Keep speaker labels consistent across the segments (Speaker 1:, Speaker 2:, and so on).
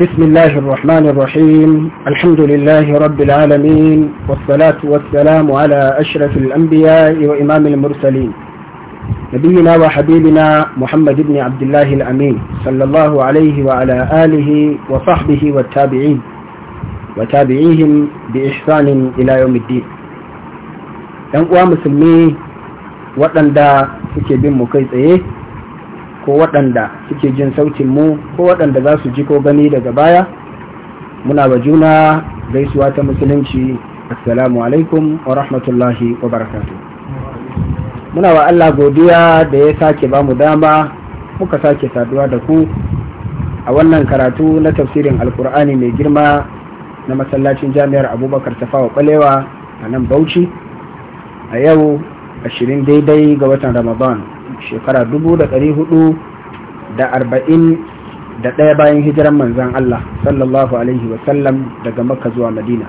Speaker 1: بسم الله الرحمن الرحيم الحمد لله رب العالمين والصلاة والسلام على أشرف الأنبياء وإمام المرسلين نبينا وحبيبنا محمد بن عبد الله الأمين صلى الله عليه وعلى آله وصحبه والتابعين وتابعيهم بإحسان إلى يوم الدين أنقوى مسلمي وأن دا سكي بن مكيس إيه ko waɗanda suke jin sautin mu ko waɗanda za su ji ko gani daga baya muna ba juna gaisuwa ta musulunci assalamu alaikum wa rahmatullahi wa barakatu muna wa Allah godiya da ya sake ba mu dama muka sake saduwa da ku a wannan karatu na tafsirin alkur'ani mai girma na masallacin jami'ar abubakar tafawa kwalewa a nan bauchi a yau ashirin daidai ga watan ramadan shekara dubu da ɗari hudu da arba'in da ɗaya bayan hijiran manzan Allah sallallahu alaihi wasallam daga makka zuwa madina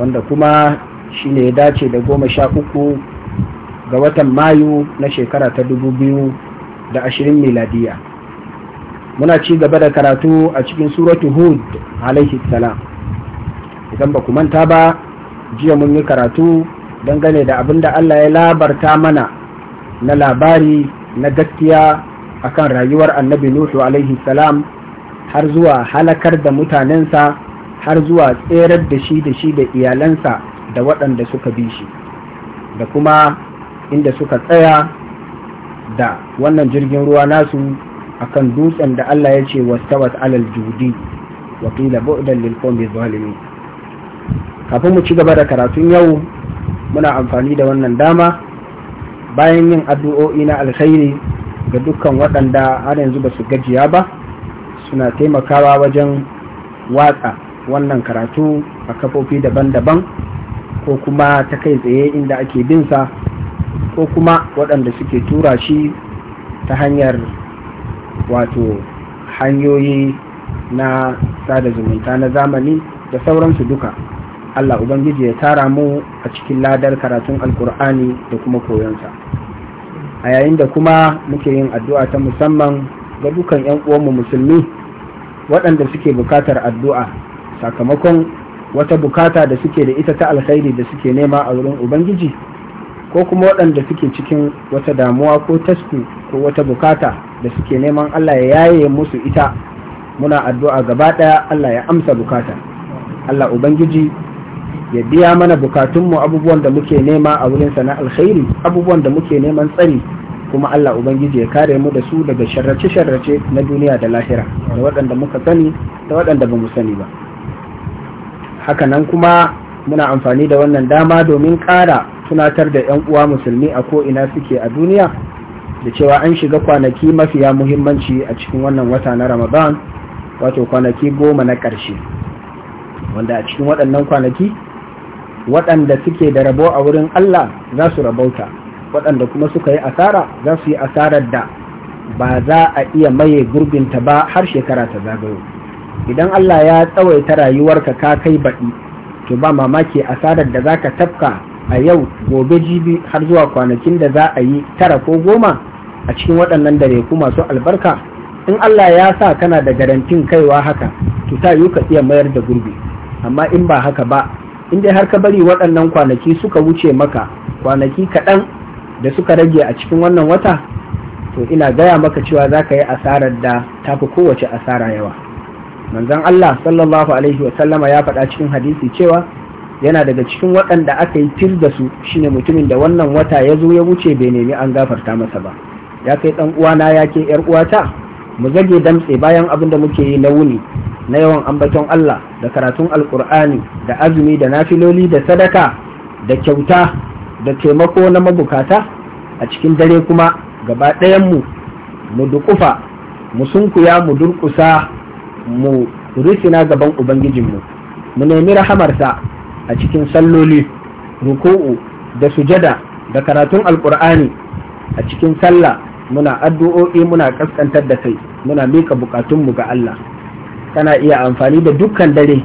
Speaker 1: wanda kuma shi ne ya dace da goma sha uku ga watan mayu na shekara ta dubu biyu da ashirin miladiya muna ci gaba da karatu a cikin suratu hud alaihi salam idan ba ku manta ba jiya mun yi karatu dangane da abin da Allah ya labarta mana na labari na gaskiya akan rayuwar annabi nuhu alaihi salam har zuwa halakar da mutanensa har zuwa tserar da shi da shi da iyalansa da waɗanda suka bi shi da kuma inda suka tsaya da wannan jirgin ruwa nasu akan dutsen da Allah ya ce wasu alal judi Wakila bu'dan lil qawmi zalimin kafin mu ci gaba da karatun yau muna amfani da wannan dama bayan yin addu'o'i na alkhairi ga dukkan waɗanda har yanzu ba su gajiya ba suna taimakawa wajen watsa wannan karatu a kafofi daban-daban ko kuma ta kai tsaye inda ake binsa ko kuma waɗanda suke tura shi ta hanyar wato hanyoyi na sada zumunta na zamani da sauransu duka Allah Ubangiji ya tara mu a cikin ladar karatun alkur'ani da kuma koyonsa a yayin da kuma muke yin addu'a ta musamman ga dukan 'yan uwanmu musulmi waɗanda suke bukatar addu'a sakamakon wata bukata da suke da ita ta alkhairi da suke nema a wurin ubangiji ko kuma waɗanda suke cikin wata damuwa ko tasku ko wata bukata da suke neman Allah ya yaye musu ita muna addu'a gaba ɗaya Allah ya amsa bukata Allah Ubangiji ya biya mana bukatunmu abubuwan da muke nema a wurin na alkhairi abubuwan da muke neman tsari kuma Allah Ubangiji ya kare mu da su daga sharrace-sharrace na duniya da lahira da waɗanda muka sani da waɗanda ba mu sani ba hakanan kuma muna amfani da wannan dama domin ƙara tunatar da 'yan uwa musulmi a ko ina suke a duniya da cewa an shiga kwanaki mafiya muhimmanci a cikin wannan wata na ramadan wato kwanaki goma na ƙarshe wanda a cikin waɗannan kwanaki waɗanda suke da rabo a wurin Allah za su rabauta waɗanda kuma suka yi asara za su yi asarar da ba za a iya maye gurbinta ba har shekara ta zagayo idan Allah ya tsawaita rayuwarka ka kai baɗi to ba mamaki asarar da za ka tafka a yau gobe jibi har zuwa kwanakin da za a yi tara ko goma a cikin waɗannan dare ku masu albarka in Allah ya sa kana da garantin kaiwa haka to ta yi ka iya mayar da gurbi amma in ba haka ba in dai har ka bari waɗannan kwanaki suka wuce maka kwanaki kaɗan da suka rage a cikin wannan wata to ina gaya maka cewa za ka yi asarar da ta fi kowace asara yawa manzon Allah sallallahu alaihi wa sallama ya faɗa cikin hadisi cewa yana daga cikin waɗanda aka yi fil da su shine mutumin da wannan wata ya zo ya wuce bai nemi an gafarta masa ba ya kai ɗan uwana ya ke ƴar uwata mu zage damtse bayan abin da muke yi na wuni na yawan ambaton Allah da karatun alkur'ani da azumi da nafiloli da sadaka da kyauta da taimako na mabukata a cikin dare kuma gaba ɗayanmu mu dukufa, mu sunkuya mu durƙusa mu ritsina gaban ubangijinmu mu nemi rahamarsa a cikin salloli ruku'u da sujada da karatun alkur'ani a cikin sallah muna addu'o'i muna ƙasƙantar da kai muna mika bukatunmu ga Allah kana iya amfani da dukkan dare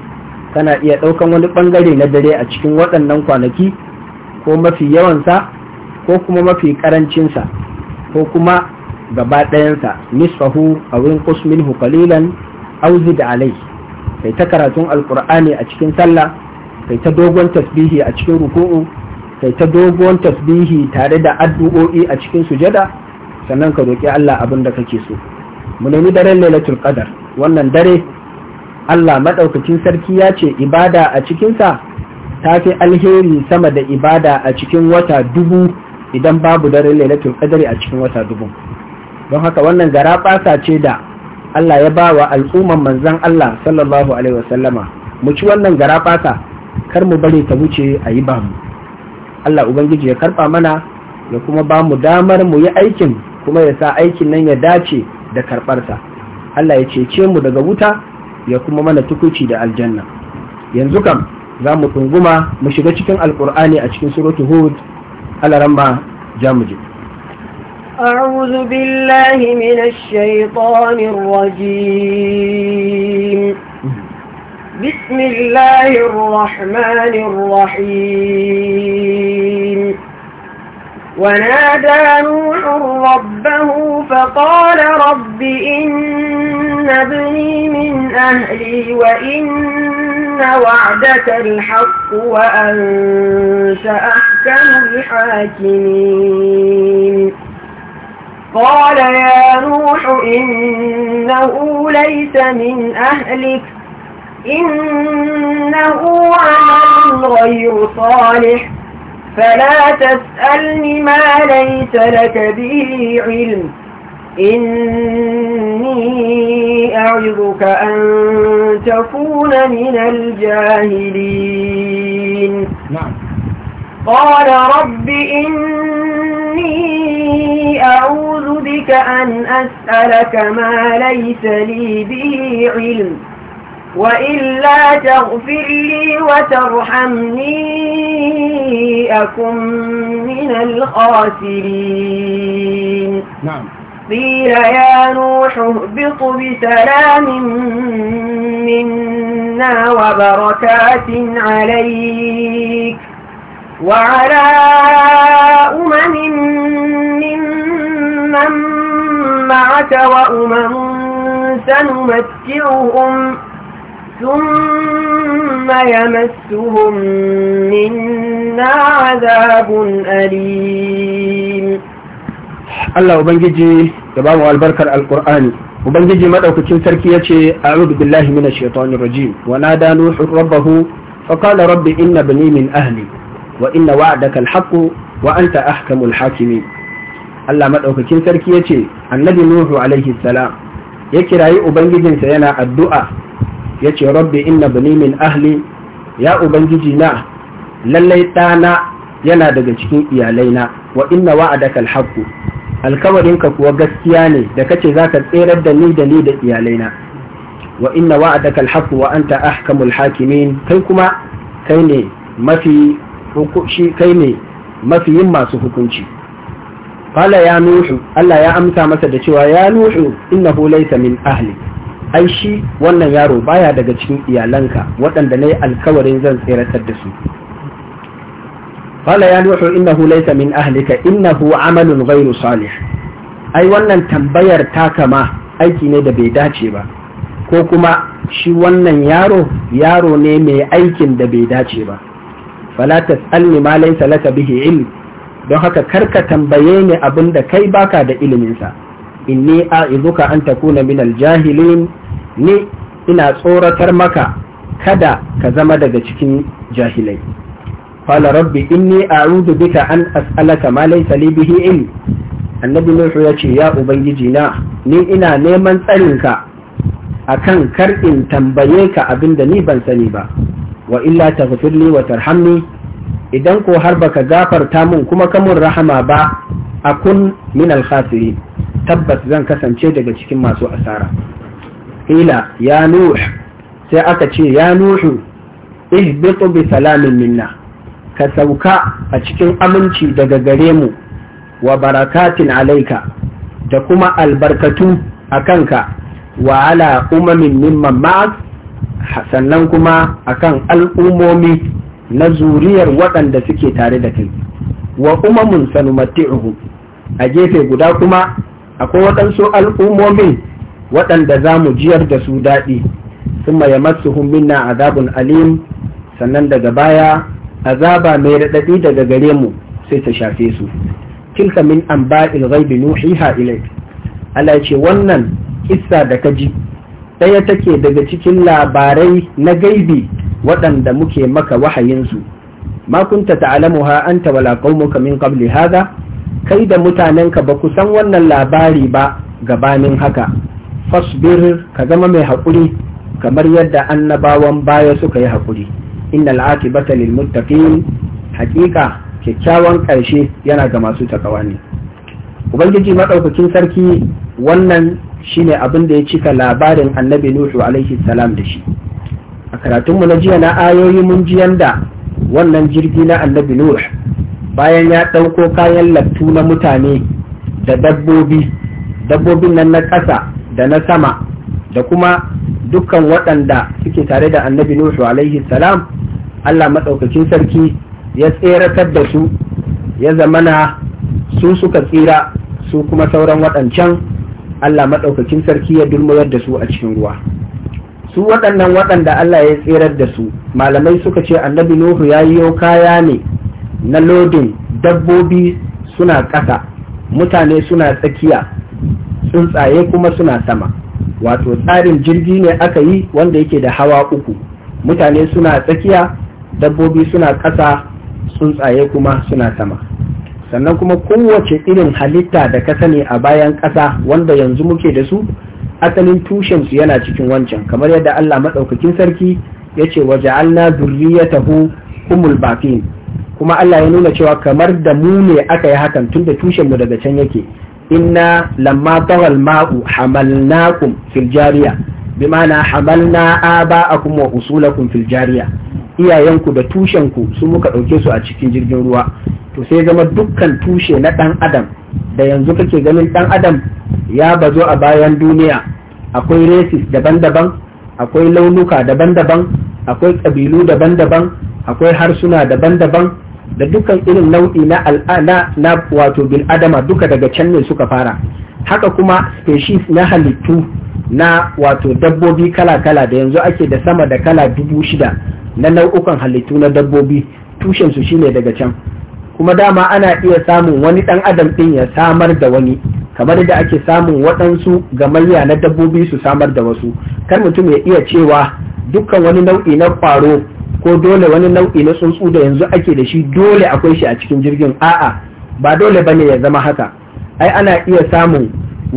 Speaker 1: kana iya ɗaukan wani ɓangare na dare a cikin waɗannan kwanaki ko mafi yawansa ko kuma mafi ƙarancinsa ko kuma gaba ɗayansa nisfahu a wurin kusmin hukalilan auzi da alai kai ta karatun Alƙur'ani a cikin sallah kai ta dogon tasbihi a cikin ruku'u kai ta dogon tasbihi tare da addu'o'i a cikin sujada sannan ka roƙi Allah abin da kake so mu nemi daren lailatul qadar wannan dare Allah maɗaukacin sarki ya ce ibada a cikinsa ta fi alheri sama da ibada a cikin wata dubu idan babu daren lailatul qadari a cikin wata dubu don haka wannan gara fasa ce da Allah ya bawa wa al'umman manzan Allah sallallahu alaihi wasallama mu ci wannan gara fasa kar mu bari ta wuce a yi ba mu Allah Ubangiji ya karɓa mana ya kuma ba mu damar mu yi aikin kuma ya sa aikin nan ya dace da karɓarta. Allah ya cece mu daga wuta ya kuma mana tukuci da aljanna yanzu kam za mu tunguma mu shiga cikin alkur'ani a cikin suratu hud alaramba jamuji
Speaker 2: أعوذ بالله من بسم الله الرحمن الرحيم ونادى نوح ربه فقال رب إن ابني من أهلي وإن وعدك الحق وأنت أحكم الحاكمين قال يا نوح إنه ليس من أهلك إنه عمل غير صالح فلا تسألني ما ليس لك به علم إني أعظك أن تكون من الجاهلين نعم قال رب إني أعوذ بك أن أسألك ما ليس لي به علم
Speaker 1: وإلا
Speaker 2: تغفر لي وترحمني أكن من الخاسرين نعم قيل يا نوح اهبط بسلام منا وبركات عليك وعلى أمم ممن معك وأمم سنمتعهم ثم يمسهم منا عذاب أليم
Speaker 1: الله أبنجي تبعو البركة القرآن Ubangiji maɗaukakin sarki ya ce, A'udhu billahi mina shaitanir rajim, wa nada Nuhu rabbahu, faqala rabbi inna bani min ahli, wa inna wa'adaka al-haqqu wa anta ahkamul hakimi. Allah maɗaukacin sarki ya ce, Annabi Nuhu alaihi salam, ya kirayi Ubangijinsa yana addu’a, ya ce rabbi inna bani min ahli ya ubangiji na lallai ɗana yana daga cikin iyalaina wa inna wa'adaka alhaqqu alkawarinka kuwa gaskiya ne da kace zaka tserar da ni da ni da iyalaina wa inna wa'adaka alhaqqu wa anta ahkamul hakimin kai kuma kai ne mafi hukunci kai ne mafi yin masu hukunci qala ya nuhu Allah ya amsa masa da cewa ya nuhu innahu laysa min ahli ai shi wannan yaro baya daga cikin iyalanka waɗanda na yi alkawarin zan tseratar da su Fala ya nuhu innahu laysa min ahlika innahu amalun gairu salih ai wannan tambayar ta kama aiki ne da bai dace ba ko kuma shi wannan yaro yaro ne mai aikin da bai dace ba fala tasalni ma laysa laka bihi ilm don haka karka tambaye ni abin da kai baka da iliminsa. inni a'izuka an takuna minal jahilin ni ina tsoratar maka kada ka zama daga cikin jahilai qala rabbi inni a'udhu bika an as'alaka ma laysa li bihi ilm annabi nuhu ya ce ya ubangiji na ni ina neman tsarinka akan kar in tambaye ka abinda ni ban sani ba wa illa taghfirli wa tarhamni idan ko har baka gafarta mun kuma ka mun rahama ba akun min al-khasirin tabbas zan kasance daga cikin masu asara ila ya nuh sai aka ce ya nuhu ihbitu bi salamin minna ka sauka a cikin aminci daga gare mu wa barakatin alaika da kuma albarkatu a kanka wa ala umamin mimman ma'az sannan kuma akan al'umomi na zuriyar waɗanda suke tare da kai wa umamun sanumatti'uhu a gefe guda kuma akwai waɗansu al'ummomin waɗanda za mu jiyar da su daɗi sun ya masu minna azabun alim sannan daga baya azaba mai raɗaɗi daga gare mu sai ta shafe su tilka min an ba'il ghaibi nuhiha ilai Allah ce wannan kissa da ka ji ɗaya take daga cikin labarai na gaibi waɗanda muke maka wahayinsu ma kunta ta'lamuha anta wala qaumuka min qabli hadha kai da mutanenka ba ku san wannan labari ba gabanin haka fasbir ka zama mai haƙuri kamar yadda annabawan baya suka yi haƙuri innal aqibata lil muttaqin haƙiƙa kyakkyawan ƙarshe yana ga masu takawa ne ubangiji madaukakin sarki wannan shine abin da ya cika labarin annabi nuhu alaihi salam da shi a karatunmu na jiya na ayoyi mun ji yanda wannan jirgi na annabi nuhu bayan ya ɗauko kayan lattu na mutane da dabbobi dabbobin nan na ƙasa da na sama da kuma dukkan waɗanda suke tare da annabi nuhu alaihi salam allah maɗaukakin sarki ya tseratar da su ya zamana su suka tsira su kuma sauran waɗancan allah maɗaukakin sarki ya durmayar da su a cikin ruwa su waɗannan waɗanda allah ya tserar da su malamai suka ce annabi nuhu ya yi kaya ne na lodin dabbobi suna ƙasa mutane suna tsakiya tsuntsaye kuma suna sama wato tsarin jirgi ne aka yi wanda yake da hawa uku mutane suna tsakiya dabbobi suna ƙasa tsuntsaye kuma suna sama sannan kuma kowace irin halitta da ka sani a bayan ƙasa wanda yanzu muke da su asalin tushensu yana cikin wancan kamar yadda Allah maɗaukakin sarki ya ce wa ja'alna zurriyatahu kumul bafin. kuma Allah ya nuna cewa kamar da mu ne aka yi hakan tunda tushen mu daga can yake inna lamma tawal ma'u hamalnakum fil jariya ma'ana hamalna aba'akum wa usulakum fil jariya iyayenku da tushen ku su muka ɗauke su a cikin jirgin ruwa to sai zama dukkan tushe na ɗan adam da yanzu kake ganin ɗan adam ya bazo a bayan duniya akwai resis daban-daban akwai launuka daban-daban akwai ƙabilu daban-daban akwai harsuna daban-daban da dukkan irin nau'i na al'ada na wato bil adama duka daga can ne suka fara haka kuma species na halittu na wato dabbobi kala-kala da yanzu ake da sama da kala dubu shida na nau'ukan halittu na dabbobi tushen su shine daga can kuma dama ana iya samun wani dan adam din ya samar da wani kamar da ake samun waɗansu gamayya na dabbobi su samar da wasu kar mutum ya iya cewa dukkan wani nau'i na kwaro ko dole wani nau'i na tsuntsu da yanzu ake da shi dole akwai shi a cikin jirgin a'a ba dole bane ya zama haka ai ana iya samun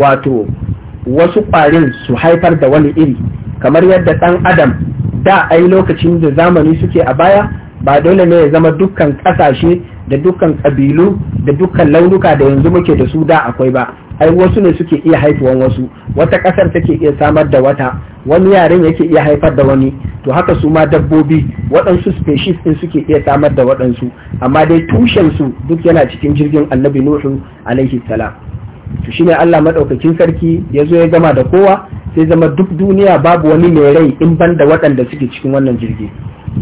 Speaker 1: wato wasu ƙwarin su haifar da wani iri kamar yadda ɗan adam da ai lokacin da zamani suke a baya ba dole ne ya zama dukkan ƙasashe da dukkan ƙabilu da dukkan launuka da yanzu muke da su da akwai ba ai wasu ne suke iya haifuwan wasu wata kasar take iya samar da wata wani yaren yake iya haifar da wani to haka su ma dabbobi waɗansu species ɗin suke iya samar da waɗansu amma dai tushen su duk yana cikin jirgin annabi nuhu alaihi salam to shine Allah madaukakin sarki ya zo ya gama da kowa sai zama duk duniya babu wani mai rai in banda waɗanda suke cikin wannan jirgi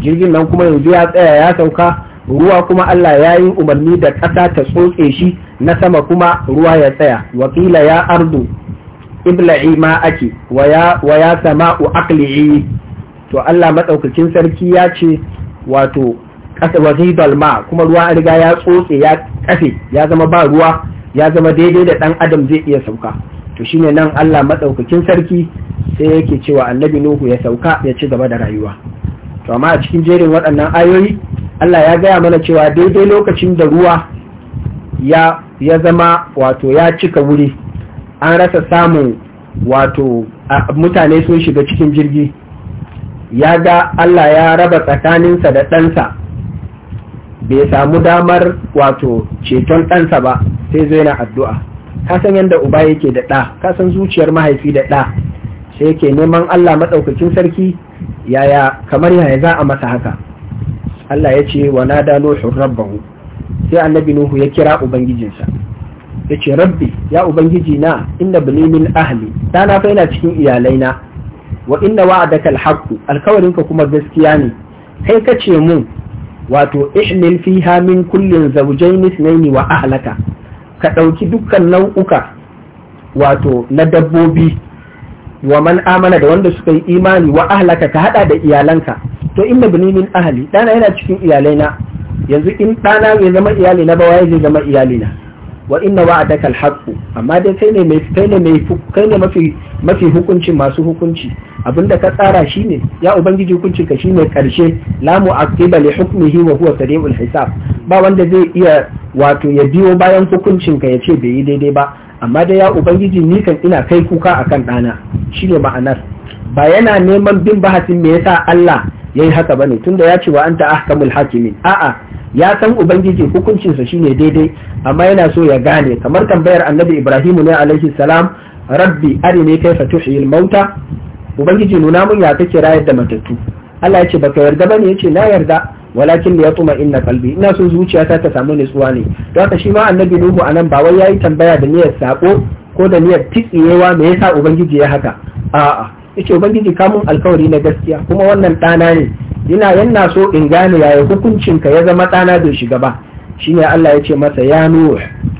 Speaker 1: jirgin nan kuma yanzu ya tsaya ya sauka ruwa kuma Allah ya yi umarni da ƙasa ta tsotse shi na sama kuma ruwa ya tsaya wakila ya ardu ibla'i ma ake wa ya sama'u to Allah matsaukakin sarki ya ce wato ƙasa wazidal ma kuma ruwa riga ya tsotse ya kafe ya zama ba ruwa ya zama daidai da ɗan adam zai iya sauka to shine nan Allah matsaukakin sarki sai yake cewa annabi Nuhu ya sauka ya ci gaba da rayuwa to amma a cikin jerin waɗannan ayoyi Allah ya gaya mana cewa daidai lokacin da ruwa ya zama wato ya cika wuri an rasa samun wato mutane sun shiga cikin jirgi ya ga Allah ya raba tsakaninsa da ɗansa bai samu damar wato ceton ɗansa ba sai zai na addu'a kasan yadda uba yake da ɗa kasan zuciyar mahaifi da ɗa sai yake neman Allah maɗaukakin sarki yaya kamar yaya za a masa haka Allah ya ce wa nada nuhu rabbahu sai annabi nuhu ya kira ubangijinsa ya ce rabbi ya ubangiji na inna bani min ahli dana fa yana cikin iyalaina wa inna wa'adaka Alkawarin ka kuma gaskiya ne kai ka ce mun wato ihlil fiha min kullin zawjayn ithnayn wa ahlaka ka ɗauki dukkan nau'uka wato na dabbobi wa man amana da wanda suka yi imani wa ahlaka ka hada da iyalanka to in mabni min ahli dana yana cikin iyalaina yanzu in dana bai zama iyali na ba waye zai zama iyali na wa inna wa'adaka alhaqu amma dai kai ne mai kai ne mai kai ne mafi mafi hukunci masu hukunci abinda ka tsara shine ya ubangiji hukuncin ka shine karshe lamu mu'aqqiba li hukmihi wa huwa sari'ul hisab ba wanda zai iya wato ya biyo bayan hukuncin ka yace bai yi daidai ba amma dai ya ubangiji ni kan ina kai kuka akan dana shine ma'anar ba yana neman bin bahasin me yasa Allah Ya yi haka bane tunda ya ce wa anta ahkamul hakimin a'a ya san ubangiji hukuncinsa shine daidai amma yana so ya gane kamar tambayar annabi ibrahimu ne alaihi salam rabbi arini kaifa tuhyil mauta ubangiji nuna mun ya kake rayar da matattu Allah ya ce baka yarda bane yace na yarda walakin da ya tuma inna kalbi ina so zuciyata ta samu nutsuwa ne don haka shi ma annabi nuhu anan ba wai yayi tambaya da niyyar sako ko da niyyar titsiyewa me yasa ubangiji ya haka a'a yace ubangiji ka mun alkawari na gaskiya kuma wannan ɗana ne ina yana so in gane yaya hukuncin ka ya zama ɗana da shiga ba shine Allah ya ce masa ya nuh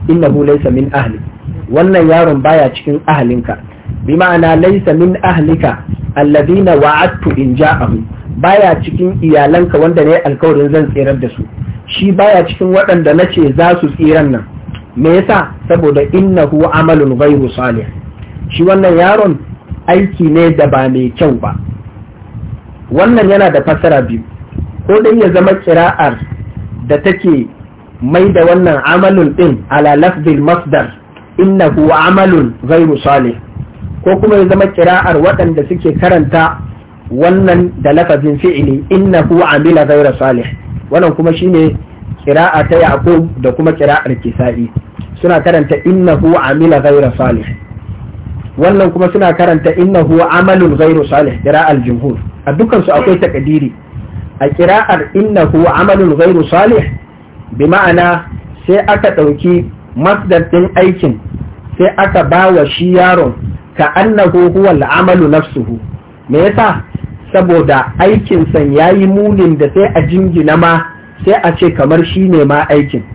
Speaker 1: innahu laysa min ahli wannan yaron baya cikin ahlinka bi ma'ana laysa min ahlika alladina wa'adtu in ja'ahu baya cikin iyalanka wanda ne alkawarin zan tsirar da su shi baya cikin waɗanda na ce za su tsiran nan me yasa saboda innahu amalun ghairu salih shi wannan yaron aiki ne da ba mai kyau ba wannan yana da fassara biyu ko dai ya zama kira'ar da take mai da wannan amalun ɗin ala lafzil masdar huwa amalun ghairu salih ko kuma ya zama kira'ar waɗanda suke karanta wannan da lafazin fi'ili innahu amila ghairu salih wannan kuma shine kira'a ta yaqub da kuma kira'ar kisa'i suna karanta innahu amila ghairu salih wannan kuma suna karanta innahu amalun ghairu salih qira'al jumhur a dukkan su akwai takdiri a qira'ar innahu amalun ghairu salih bi ma'ana sai aka dauki masdar din aikin sai aka bawa shi yaron ka annahu huwa al'amalu nafsuhu me yasa saboda aikin san yayi munin da sai a jingina ma sai a ce kamar shine ma aikin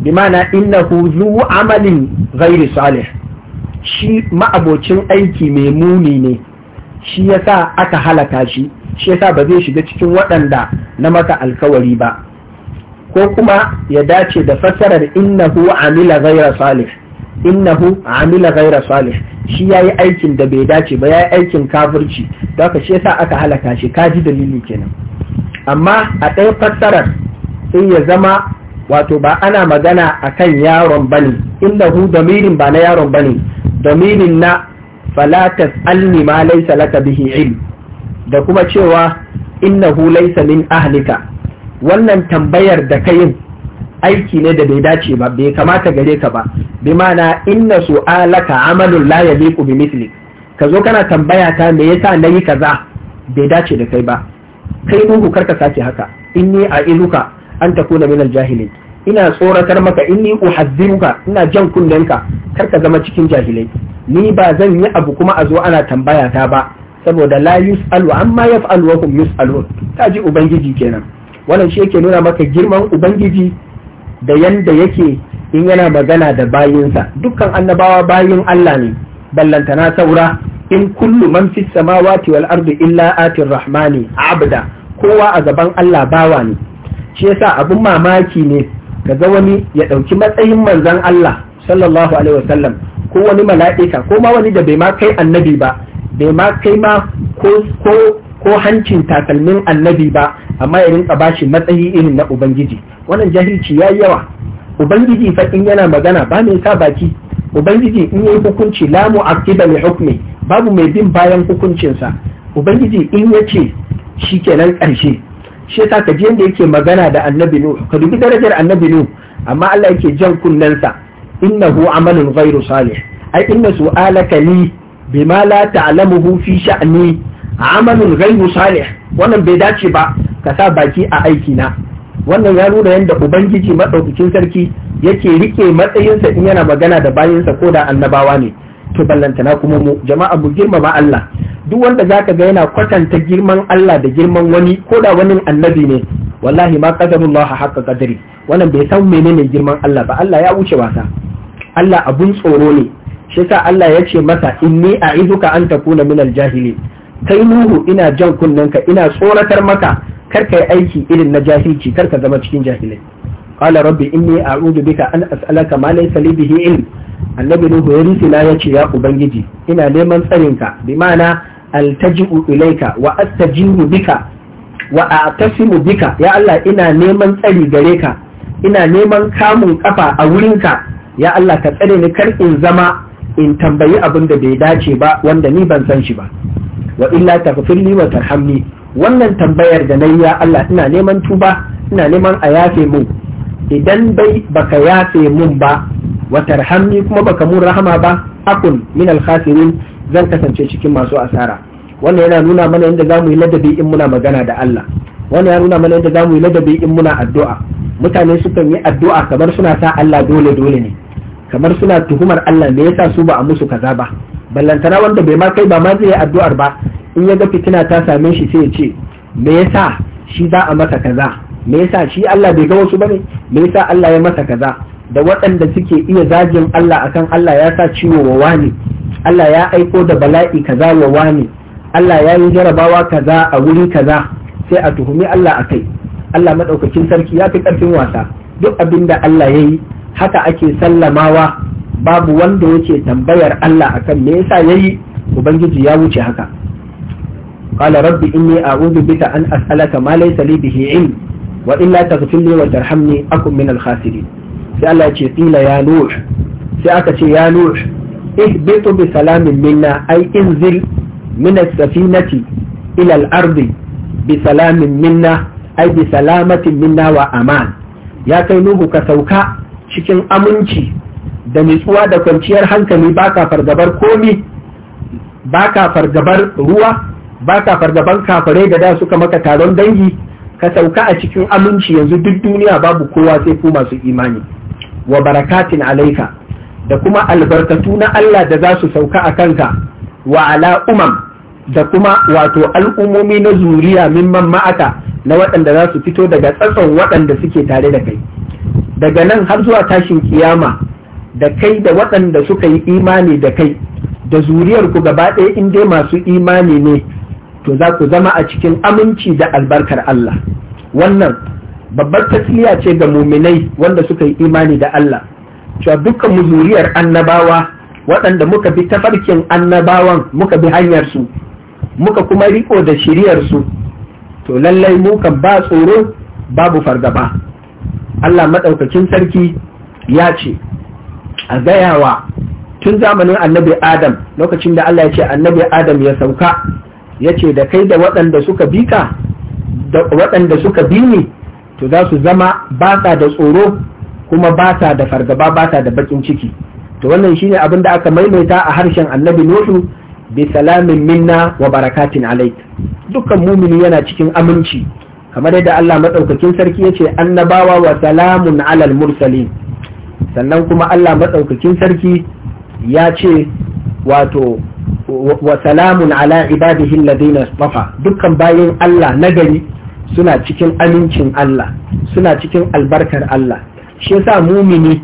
Speaker 1: bi ma'ana innahu zu amalin ghairi salih shi ma'abocin aiki mai muni ne shi ya sa aka halaka shi shi ya sa ba zai shiga cikin waɗanda na maka alkawari ba ko kuma ya dace da fassarar innahu amila ghaira salih innahu amila ghaira salih shi yayi aikin da bai dace ba yayi aikin kafirci don haka shi sa aka halaka shi kaji dalili kenan amma a ɗaya fassarar sai ya zama wato ba ana magana akan yaron bane innahu damirin ba na yaron bane damirin na Falatas tas'alni ma laysa laka bihi ilm da kuma cewa innahu laysa min ahlika wannan tambayar da yin aiki ne da bai dace ba bai kamata gare ka ba bi mana inna su'alaka amalun la yaliqu bi mithlik ka zo kana tambaya ta me yasa nayi kaza bai dace da kai ba kai nuhu karka sake haka inni a iluka an takuna min al-jahilin ina tsoratar maka in inni uhaddiruka ina jan kundanka kar ka zama cikin jahilai ni ba zan yi abu kuma a zo ana tambaya ta ba saboda la yus'alu amma yaf'alu wa hum yus'alun ji ubangiji kenan wannan shi yake nuna maka girman ubangiji da yanda yake in yana magana da bayinsa dukkan annabawa bayin Allah ne ballantana saura in kullu man fis samawati wal ardi illa atir rahmani abda kowa a gaban Allah bawa ne shi yasa abun mamaki ne Ka ga wani ya ɗauki matsayin manzan Allah sallallahu alaihi wasallam ko wani mala'ika ko ma wani da bai ma kai annabi ba bai ma kai ma ko ko ko hancin takalmin annabi ba amma ya rinka bashi matsayi irin na ubangiji wannan jahilci yayi yawa ubangiji fa in yana magana ba mai sa baki ubangiji in yayi hukunci la mu'aqqiba li hukmi babu mai bin bayan hukuncinsa ubangiji in yace shikenan ƙarshe shi yasa ka ji yanda yake magana da annabi nuh ka dubi darajar annabi nuh amma Allah yake jan kunnensa innahu amalun ghairu salih ai inna su'alaka li bima la ta'lamuhu fi sha'ni amalun ghairu salih wannan bai dace ba ka sa baki a aiki na wannan ya nuna yadda ubangiji madaukakin sarki yake rike matsayinsa in yana magana da bayinsa ko da annabawa ne to ballantana kuma mu jama'a mu girmama Allah duk wanda zaka ga yana kwatanta girman Allah da girman wani ko da wani annabi ne wallahi ma qadarullah haqqa qadari wannan bai san menene girman Allah ba Allah ya wuce wasa Allah abun tsoro ne shi yasa Allah ya ce masa inni a'izuka an takuna minal jahili kai nuhu ina jan ka ina tsoratar maka kar ka yi aiki irin na jahilci kar ka zama cikin jahilai qala rabbi inni a'udhu bika an as'alaka ma laysa li bihi ilm annabi nuhu ya risila ya ce ya ubangiji ina neman tsarinka bi ma'ana altaji'u ilaika wa astajibu bika wa a'tasimu bika ya Allah ina neman tsari gare ka ina neman kamun kafa a wurinka ya Allah ka tsare ni kar in zama in tambayi abin da bai dace ba wanda ni ban san shi ba wa illa taghfirli wa tarhamni wannan tambayar da nayi ya Allah ina neman tuba ina neman a yafe mu idan bai baka yafe mun ba wa tarhamni kuma baka mun rahama ba akun min alkhasirin zan kasance cikin masu asara wannan yana nuna mana yadda zamu yi ladabi in muna magana da Allah wannan ya nuna mana yadda zamu yi ladabi in muna addu'a mutane sukan yi addu'a kamar suna sa Allah dole dole ne kamar suna tuhumar Allah me yasa su ba a musu kaza ba ballantana wanda bai ma kai ba ma zai yi addu'ar ba in ya ga fitina ta same shi sai ya ce me yasa shi za a masa kaza me yasa shi Allah bai ga wasu bane me yasa Allah ya masa kaza da waɗanda suke iya zagin Allah akan Allah ya sa ciwo wa wani Allah ya aiko da bala'i kaza wa wani Allah ya yi jarabawa kaza a wuri kaza sai a tuhumi Allah akai Allah maɗaukacin sarki ya fi ƙarfin wasa duk abin da Allah ya yi haka ake sallamawa babu wanda yake tambayar Allah akan me yasa ya yi ubangiji ya wuce haka qala rabbi inni a'udhu bika an as'alaka ma laysa li bihi ilm wa illa taghfir li wa tarhamni akun sai Allah ce tsila ya nur sai aka ce ya nuh bitu bi salamin minna ay inzil min as-safinati ila al-ardi bi salamin minna ay bi salamatin minna wa aman ya kai nuhu ka sauka cikin aminci da nutsuwa da kwanciyar hankali baka fargabar komi baka fargabar ruwa baka fargaban kafare da da suka maka taron dangi ka sauka a cikin aminci yanzu duk duniya babu kowa sai ku masu imani wa barakatin alaika da kuma albarkatu na Allah da za su sauka a kanka wa ala umam da kuma wato al'ummomi na zuriya mimman ma'aka na waɗanda za su fito daga tsatson waɗanda suke tare da kai daga nan har zuwa tashin kiyama da kai da waɗanda suka yi imani da kai da zuriyar ku gaba ɗaya in dai masu imani ne to za ku zama a cikin aminci da albarkar Allah wannan babbar tasliya ce ga muminai wanda suka yi imani da Allah cewa dukkan mu zuriyar annabawa waɗanda muka bi tafarkin annabawan muka bi hanyarsu, muka kuma riko da shiryarsu to lallai muka ba tsoro babu fargaba Allah maɗaukakin sarki ya ce a gayawa tun zamanin annabi adam lokacin da Allah ya ce annabi adam ya sauka ya ce da kai da waɗanda suka bi ka da waɗanda suka bi ni to za su zama ba sa da tsoro kuma ba sa da fargaba ba sa da bakin ciki to wannan shine abin da aka maimaita a harshen annabi nuhu bi salamin minna wa barakatin alaik dukkan mumini yana cikin aminci kamar yadda Allah madaukakin sarki yace annabawa wa salamun alal mursalin sannan kuma Allah madaukakin sarki ya ce wato wa salamun ala ibadihi alladhina istafa dukkan bayin Allah nagari suna cikin amincin Allah suna cikin albarkar Allah shi yasa mumini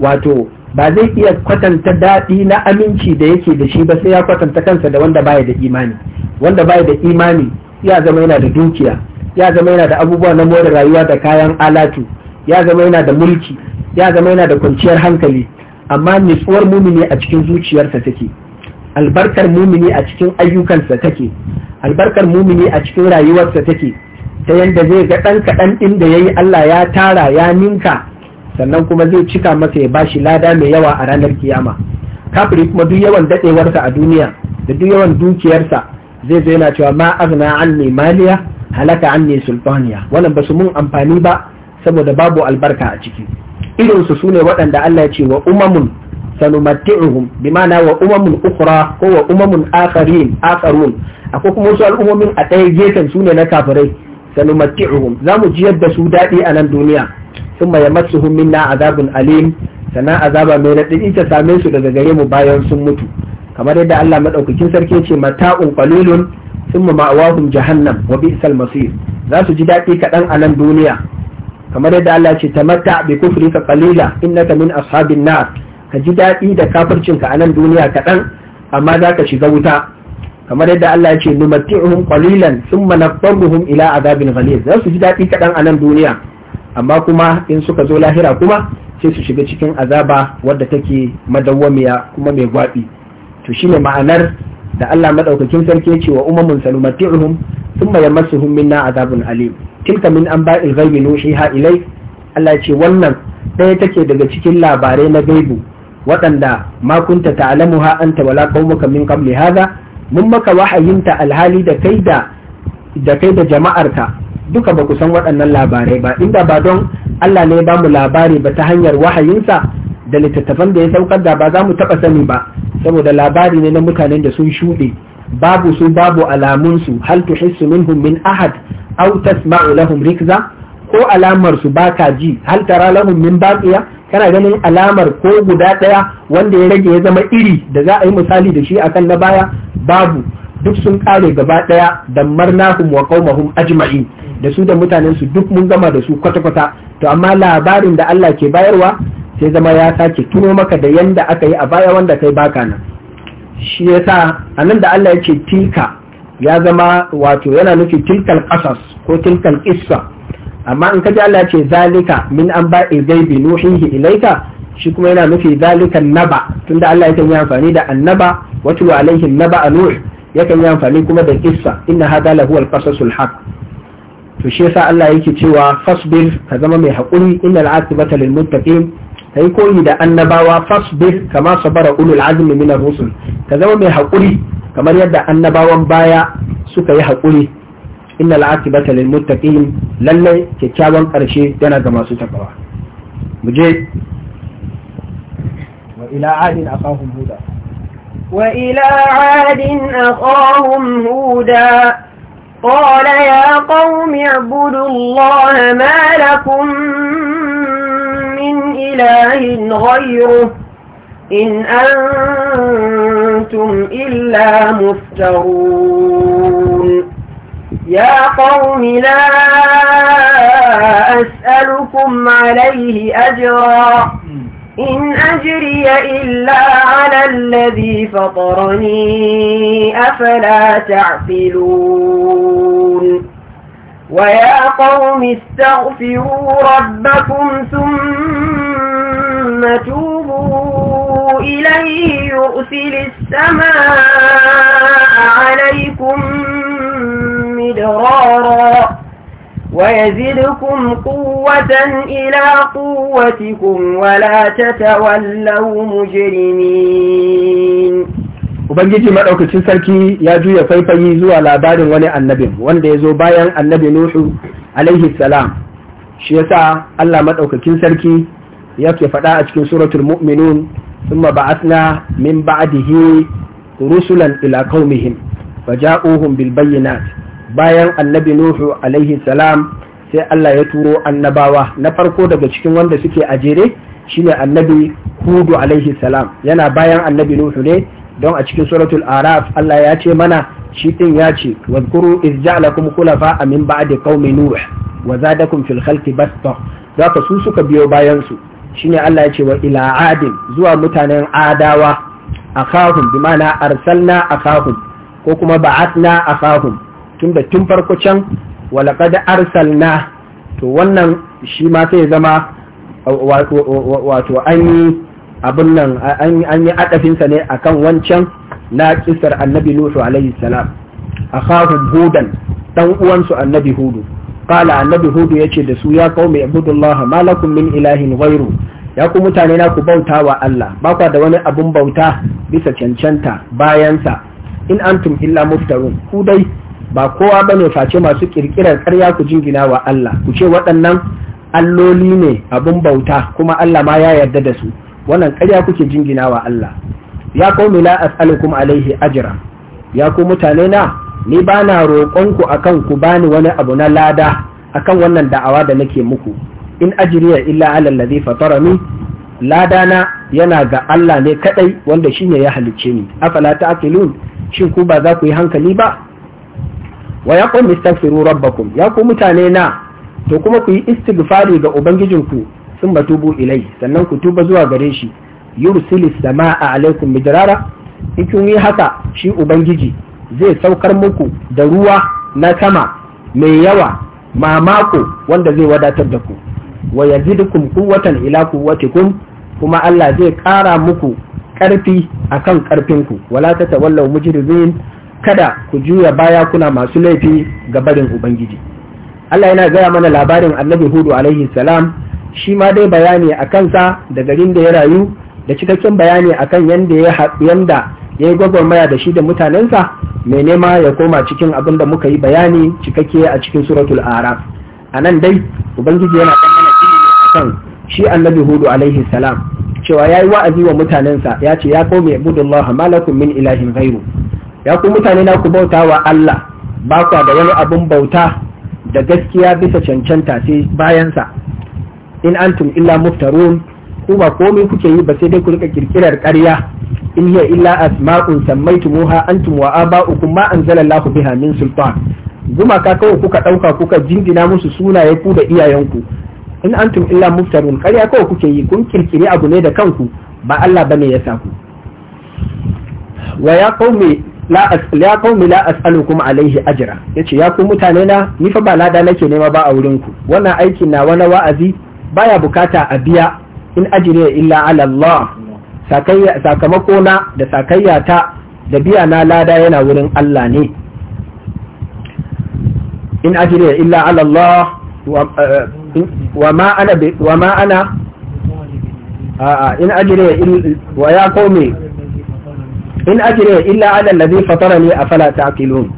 Speaker 1: wato ba zai iya kwatanta daɗi na aminci da yake da shi ba sai ya kwatanta kansa da wanda baya da imani wanda baya da imani ya zama yana da dukiya ya zama yana da abubuwa na more rayuwa da kayan alatu ya zama yana da mulki ya zama yana da kwanciyar hankali amma nutsuwar mumini a cikin zuciyarsa take albarkar mumini a cikin ayyukansa take albarkar mumini a cikin rayuwarsa take ta yadda zai ga ɗan kaɗan ɗin da ya yi Allah ya tara ya ninka sannan kuma zai cika masa ya bashi lada mai yawa a ranar kiyama kafiri kuma duk yawan daɗewarsa a duniya da duk yawan dukiyarsa zai zai na cewa ma azna anni maliya halaka anni sultaniya wannan ba su mun amfani ba saboda babu albarka a ciki irinsu su ne waɗanda Allah ya ce wa umamun sanumatti'uhum bi ma'ana wa umamun ukhra ko wa umamun akharin akharun akwai kuma wasu al'ummomin a ɗaya gefen su ne na kafirai sanumatti'uhum za mu jiyar da su daɗi a nan duniya thumma matsuhun minna azabun alim sana azaba mai raɗaɗi ta same su daga gare mu bayan sun mutu kamar yadda Allah maɗaukakin sarki ce mata'un qalilun thumma ma'awahum jahannam wa bi'sal masir za su ji daɗi kaɗan a nan duniya kamar yadda Allah ce tamatta bi kufrika qalila innaka min ashabin nar ka ji daɗi da kafircinka a nan duniya kaɗan amma za ka shiga wuta kamar yadda Allah ya ce numatti'uhum qalilan thumma buhun ila azabin ghaliz za su ji daɗi kaɗan a nan duniya amma kuma in suka zo lahira kuma sai su shiga cikin azaba wadda take madawwamiya kuma mai gwabi. to shine ma'anar da Allah madaukakin sarki ya ce wa umamun sanumatti'uhum thumma yamassuhum minna azabun alim tilka min anba'il ghaibi nuhiha ilai Allah ya ce wannan ɗaya take daga cikin labarai na gaibu waɗanda ma kunta ta'lamuha anta wala qaumuka min qabli hadha mun maka wahayinta alhali da kai da da kai da jama'arka duka ba ku san waɗannan labarai ba inda ba don Allah ne ba mu labari ba ta hanyar wahayinsa da littattafan da ya saukar da ba za mu taɓa sani ba saboda labari ne na mutanen da sun shuɗe babu su babu alamunsu hal tuhissu minhum min ahad aw tasma'u lahum rikza ko alamar su baka ji hal tara lahum min baqiya kana ganin alamar ko guda ɗaya wanda ya rage ya zama iri da za a yi misali da shi akan na baya babu duk sun kare gaba daya da marnahum wa qaumahum ajma'in da su da mutanen su duk mun gama da su kwata-kwata to amma labarin da Allah ke bayarwa sai zama ya sake tuno maka da yanda aka yi a baya wanda kai baka na. shi yasa anan da Allah yake tilka ya zama wato yana nufi tilkal qasas ko tilkal qissa amma in kaji Allah ya ce zalika min anba'i ghaibi nuhihi ilayka shi kuma yana nufi dalikan naba tunda Allah yakan yi amfani da annaba wato alaihim naba nuh yakan yi amfani kuma da kissa inna hada lahu al-qasasul haq to shi yasa Allah yake cewa fasbir ka zama mai hakuri innal aqibata lil muttaqin kai koyi da annabawa fasbir kama sabara ulul azmi min ar-rusul ka zama mai hakuri kamar yadda annabawan baya suka yi hakuri innal aqibata lil muttaqin lalle kyakkyawan karshe yana ga masu takawa mu je إلى عاد أخاهم هودا
Speaker 2: وإلى عاد أخاهم هودا قال يا قوم اعبدوا الله ما لكم من إله غيره إن أنتم إلا مفترون يا قوم لا أسألكم عليه أجرا إن أجري إلا على الذي فطرني أفلا تعقلون ويا قوم استغفروا ربكم ثم توبوا إليه يرسل السماء عليكم مدرارا ويزدكم قوة إلى قوتكم ولا تتولوا مجرمين
Speaker 1: Ubangiji maɗaukacin sarki ya juya faifayi zuwa labarin wani annabin wanda ya zo bayan annabi Nuhu alaihi salam shi yasa Allah maɗaukacin sarki yake faɗa a cikin suratul mu'minun thumma ba'athna min ba'dihi rusulan ila qaumihim faja'uhum bil bayyinati bayan annabi nuhu alaihi salam sai Allah ya turo annabawa na farko daga cikin wanda suke a jere shine annabi hudu alaihi salam yana bayan annabi nuhu ne don a cikin suratul araf Allah ya ce mana shi din ya ce wadkuru iz ja'alakum khulafa min ba'di qaumi nuh wa zadakum fil khalqi basta zaka su suka biyo bayan su shine Allah ya ce wa ila adin zuwa mutanen adawa akahum bimana arsalna akahum ko kuma ba'atna akahum tunda tun farko can walaqad arsalna to wannan shi ma sai zama wato an yi abin nan an yi adafinsa ne akan wancan na kisar annabi Nuhu alaihi salam akhahu hudan dan uwansu annabi hudu qala annabi hudu ya ce da su ya qaumi mai ma malakun min ilahin wairu. ya ku mutane na ku bauta wa Allah ba kwa da wani abun bauta bisa cancanta bayansa in antum illa muftarun ku dai ba kowa ba ne face masu ƙirƙirar karya ku jingina wa Allah ku ce waɗannan alloli ne abin bauta kuma Allah ma ya yarda da su wannan karya kuke jingina wa Allah ya qaumi la as'alukum alaihi ajra ya ku mutane na ni ba na ku akan ku bani wani abu na lada akan wannan da'awa da nake muku in ajriya illa ala allazi fatarani na yana ga Allah ne kadai wanda shine ya halicce ni afala ta'qilun shin ku ba za ku yi hankali ba wa ya kuma istaghfiru rabbakum ya ku mutane na to kuma ku yi istighfari ga ubangijinku sun batubu ilai sannan ku tuba zuwa gare shi yursil samaa alaikum midrara in kun yi haka shi ubangiji zai saukar muku da ruwa na sama mai yawa mamako wanda zai wadatar da ku wa yazidukum quwwatan ila quwwatikum kuma Allah zai ƙara muku ƙarfi akan ƙarfinku wala tatawallaw mujrimin kada ku juya baya kuna masu laifi ga barin ubangiji Allah yana gaya mana labarin annabi hudu alaihi salam shi ma dai bayani a kansa da garin da ya rayu da cikakken bayani akan yadda ya yanda ya yi gwagwarmaya da shi da mutanensa mai nema ya koma cikin abin da muka yi bayani cikakke a cikin suratul araf a nan dai ubangiji yana ɗan mana a kan shi annabi hudu alaihi salam cewa ya yi wa'azi wa mutanensa ya ce ya kome ibudullah malakum min ilahin ghairu ya ku mutane na ku bauta wa Allah ba kwa da wani abin bauta da gaskiya bisa cancanta sai bayansa in antum illa muftarun ku ba komai kuke yi ba sai dai ku rika kirkirar ƙarya in hiya illa asma'un sammaytumuha antum wa aba'ukum ma anzalallahu biha min sultan gumaka kawai kuka ɗauka kuka jingina musu sunaye ku da iyayenku in antum illa muftarun ƙarya kawai kuke yi kun kirkiri abu ne da kanku ba Allah bane ya sa ku wa ya qaumi la qaumi la as'alukum alaihi ajra yace ya ku mutane na ni fa ba lada nake nema ba a wurin ku wannan aiki na wani wa'azi baya bukata a biya in ajriya illa ala Allah sakamako na da sakayya ta da biya na lada yana wurin Allah ne in ajriya illa ala Allah wa ma eh, ana wa ma ana a in ajriya wa ya qaumi in ajire illa ala allazi fatarani afala taqilun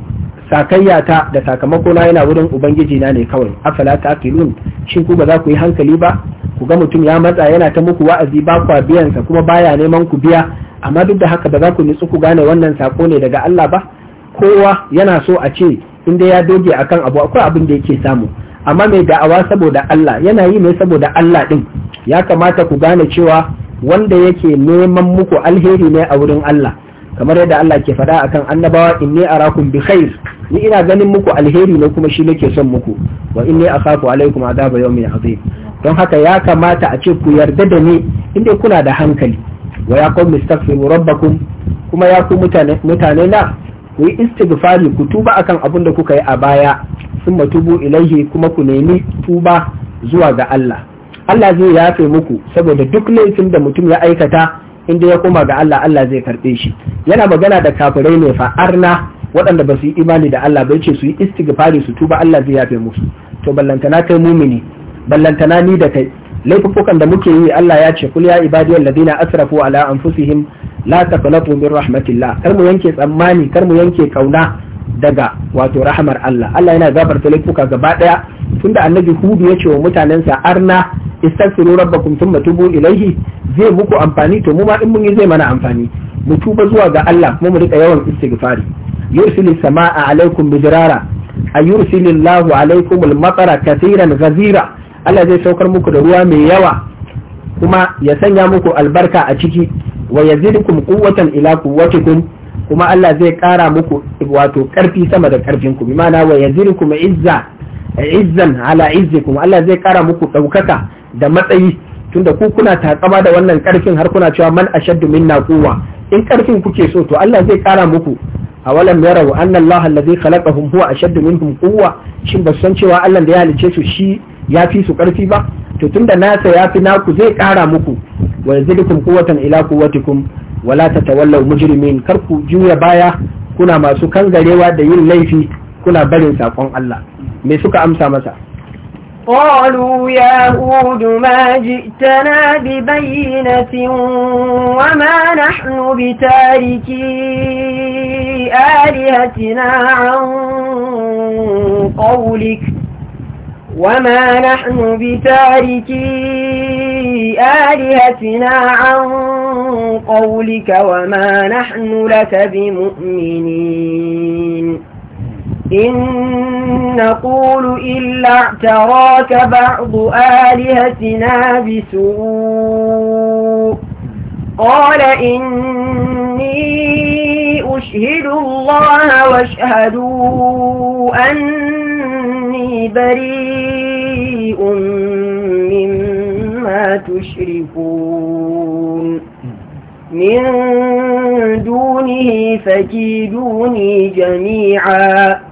Speaker 1: sakayya ta da sakamako na yana wurin ubangiji na ne kawai afala taqilun shin ku ba za ku yi hankali ba ku ga mutum ya matsa yana ta muku wa'azi ba kwa biyan sa kuma baya neman ku biya amma duk da haka ba za ku nitsu ku gane wannan sako ne daga Allah ba kowa yana so a ce in dai ya doge akan abu akwai abin da yake samu amma mai da'awa saboda Allah yana yi mai saboda Allah din ya kamata ku gane cewa wanda yake neman muku alheri ne a wurin Allah kamar yadda Allah ke faɗa akan annabawa inni arakum bi khair ni ina ganin muku alheri ne kuma shi nake son muku wa inni akhafu alaikum adhab yawmin azim don haka ya kamata a ce ku yarda da ni inda kuna da hankali wa ya qawmi istaghfiru rabbakum kuma ya ku mutane mutane na ku yi istighfari ku tuba akan abin da kuka yi a baya sun matubu ilaihi kuma ku nemi tuba zuwa ga Allah Allah zai yafe muku saboda duk laifin da mutum ya aikata inda ya koma ga Allah Allah zai karɓe shi yana magana da kafirai ne fa arna waɗanda ba su yi imani da Allah ba ce su yi istighfari su tuba Allah zai yafe musu to ballantana kai mumini ballantana ni da kai laifukan da muke yi Allah ya ce kul ya ibadiyal ladina asrafu ala anfusihim la taqnatu min rahmatillah kar mu yanke tsammani kar mu yanke kauna daga wato rahamar Allah Allah yana gafarta laifuka gaba daya tunda annabi hudu ya ce wa mutanensa arna istaghfiru rabbakum thumma tubu ilaihi zai muku amfani to mu ma in mun yi zai mana amfani mu tuba zuwa ga Allah kuma mu rika yawan istighfari yursilu samaa alaikum bijrara ayursilu Allahu alaikum al-matara kathiran ghazira Allah zai saukar muku da ruwa mai yawa kuma ya sanya muku albarka a ciki wa yazidukum quwwatan ila quwwatikum kuma Allah zai kara muku wato karfi sama da karfin ku bi ma'ana wa yazidukum izza izzan ala kuma Allah zai kara muku ɗaukaka da matsayi tunda ku kuna takama da wannan karfin har kuna cewa man ashaddu minna quwwa in karfin kuke so to Allah zai kara muku awalam yarau anna Allah alladhi khalaqahum huwa ashaddu minhum quwwa shin ba san cewa Allah da ya halice su shi ya fi su karfi ba to tunda nasa ya fi naku zai kara muku wa yazidukum quwwatan ila quwwatikum wala tatawallaw mujrimin kar ku juya baya kuna masu kangarewa da yin laifi kuna barin sakon Allah me suka amsa masa
Speaker 2: قالوا يا هود ما جئتنا ببينة وما نحن بتاركي آلهتنا عن قولك وما نحن بتاركي آلهتنا عن قولك وما نحن لك بمؤمنين إن نقول إلا اعتراك بعض آلهتنا بسوء قال إني أشهد الله واشهدوا أني بريء مما تشركون من دونه فكيدوني جميعا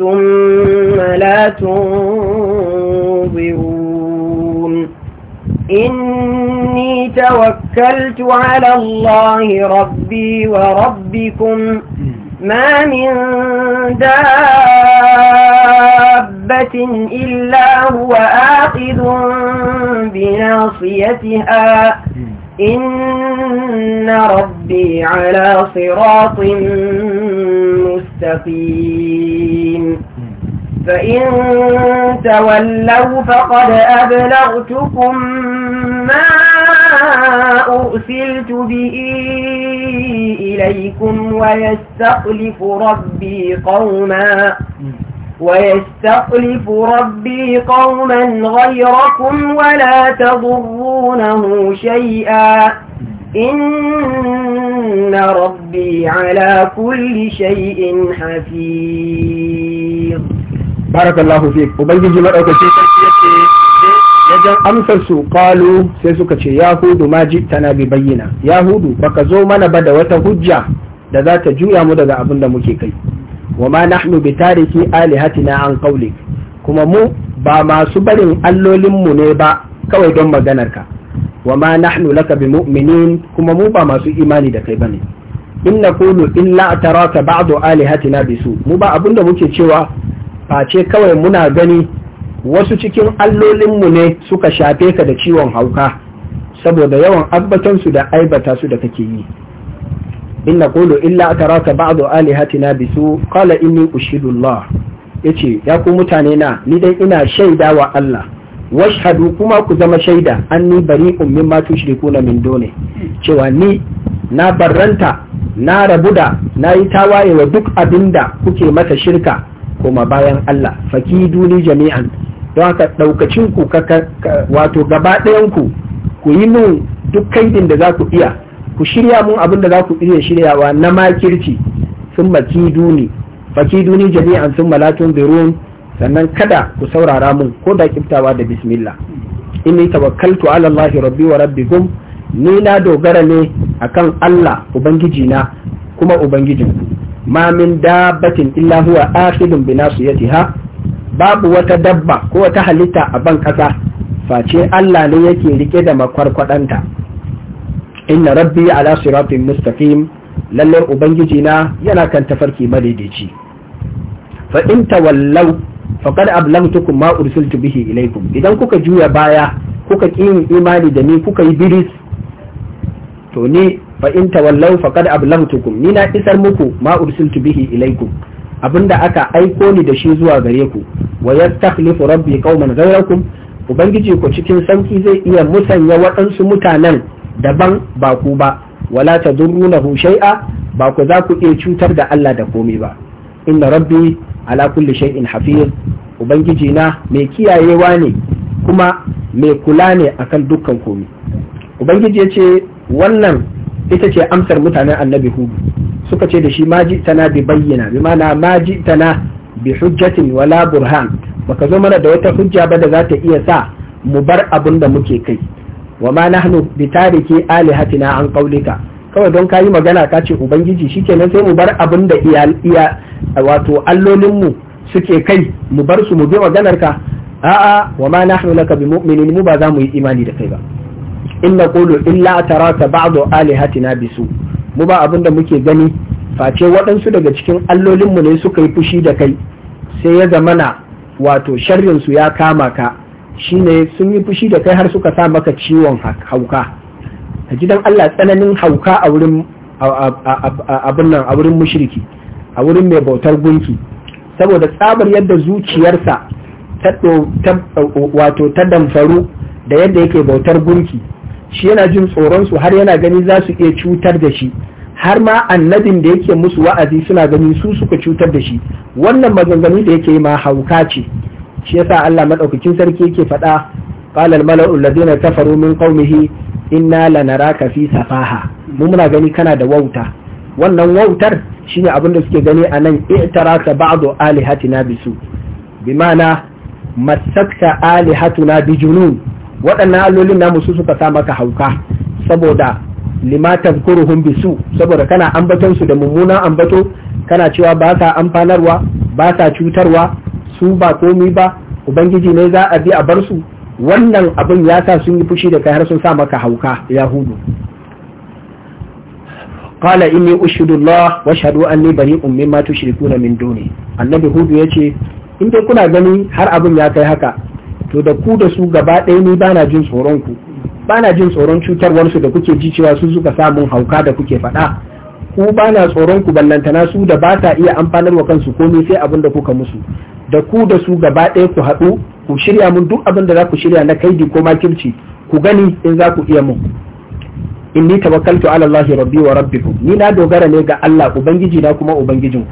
Speaker 2: ثم لا تنظرون إني توكلت على الله ربي وربكم ما من دابة إلا هو آخذ بناصيتها إن ربي على صراط المستقيم فإن تولوا فقد أبلغتكم ما أرسلت به إليكم ويستخلف ربي قوما ويستخلف ربي قوما غيركم ولا تضرونه شيئا إن ربي على كل شيء حفيظ
Speaker 1: بارك الله فيك وبنجي مرأة كثيرة wajen amsar su kalu sai suka ce yahudu ma tana bi bayyana yahudu baka zo mana ba da wata hujja da za ta juya mu daga abin da muke kai wa ma nahnu bi tariki alihatina an qawlik kuma mu ba masu barin allolin mu ne ba kawai don maganar ka wa ma nahnu laka mu'minin kuma mu ba masu imani da kai bane in naqulu illa ataraka ba'du alihatina bisu mu ba abinda muke cewa face kawai muna gani wasu cikin allolinmu ne suka shafe ka da ciwon hauka saboda yawan abbatansu da aibata su da kake yi in naqulu illa ataraka ba'du alihatina bisu qala inni ushidullah yace ya ku mutane na ni dai ina shaida wa Allah washhadu kuma ku zama shaida an ni bari anni bari'un mimma kuna min dole cewa ni na barranta na rabu da na yi tawaye wa duk abinda kuke mata shirka kuma bayan Allah duni jami'an don haka daukacin ku wato gaba ɗayan ku ku yi min duk kaidin da za ku iya ku shirya mun abin da za ku iya shiryawa na makirci sun duni faki duni jami'an sun malatun birun sannan kada ku saurara mun ko da kiftawa da bismillah inni tawakkaltu ala allahi rabbi wa rabbikum ni na dogara ne akan Allah ubangiji na kuma ubangijin ma min dabbatin illa huwa akhidun bi nasiyatiha babu wata dabba ko wata halitta a ban kasa face Allah ne yake rike da makwarkwadanta inna rabbi ala siratin mustaqim lallar ubangiji na yana kan tafarki madaidaici fa in tawallau faqad ablaghtukum ma ursiltu bihi ilaykum idan kuka juya baya kuka kin imani da ni kuka yi biris to ni fa in tawallaw faqad ni na isar muku ma ursiltu bihi Abin da aka aiko ni da shi zuwa gare ku wa yastakhlifu rabbi qauman ghayrakum ubangiji ku cikin sanki zai iya musanya waɗansu mutanen daban ba ku ba wala tadurrunahu shay'a ba ku za ku iya cutar da Allah da komai ba inna rabbi ala kulli shay'in hafiz ubangiji na mai kiyayewa ne kuma mai kula ne akan dukkan komi ubangiji ya ce wannan ita ce amsar mutanen annabi hudu suka ce da shi maji tana bi bayyana bi mana maji tana bi hujjatin wala burhan baka zo mana da wata hujja ba da za ta iya sa mu bar abin da muke kai wa ma nahnu bi tariki alihatina an qaulika kawai don kayi magana ka ce ubangiji shikenan sai mu bar abin da wato allolinmu suke kai mu bar su mu bi maganar maganarka a'a wa ma nahnu laka bi mu'minin mu ba za mu yi imani da kai ba in naqulu illa taraka ba'du alihatina bisu mu ba abin da muke gani face waɗansu daga cikin allolinmu ne suka yi fushi da kai sai ya zamana wato sharrin su ya kama ka shine sun yi fushi da kai har suka sa maka ciwon hauka a gidan Allah tsananin hauka a wurin abin nan a wurin mushriki a wurin mai bautar gunki saboda tsabar yadda zuciyarsa wato ta damfaru da yadda yake bautar gunki shi yana jin tsoron su har yana gani za su iya cutar da shi har ma annabin da yake musu wa'azi suna gani su suka cutar da shi wannan maganganu da yake ma hauka ce shi yasa Allah madaukakin sarki yake faɗa qala al mala'u alladhina kafaru min qaumihi inna lanaraka fi safaha mu muna gani kana da wauta wannan wautar shine abin da suke gani a nan i'taraka hati na bisu bi ma'ana masakta alihatuna bi junun waɗannan allolin namu su suka sa maka hauka saboda lima tazkuruhum bisu saboda kana ambaton da mummuna ambato kana cewa ba sa amfanarwa ba sa cutarwa su ba komi ba ubangiji ne za a bi a bar su wannan abin ya sa sun yi fushi da kai har sun sa maka hauka yahudu qala inni ushidu Allah wa ashhadu anni bari'un mimma na min duni annabi hudu ya ce, in dai kuna gani har abin ya kai haka to da ku da su gaba ɗaya ni bana jin tsoron ku bana jin tsoron cutarwarsu da kuke ji cewa su suka samun hauka da kuke faɗa ku bana tsoron ku ballantana su da ba iya amfanar wa kansu komai sai abin da kuka musu da ku da su gaba ɗaya ku haɗu ku shirya mun duk abin da za ku shirya na kaidi ko makirci ku gani in za ku iya mun inni tawakkaltu ala Allah rabbi wa rabbikum ni na dogara ne ga Allah ubangiji na kuma ubangijin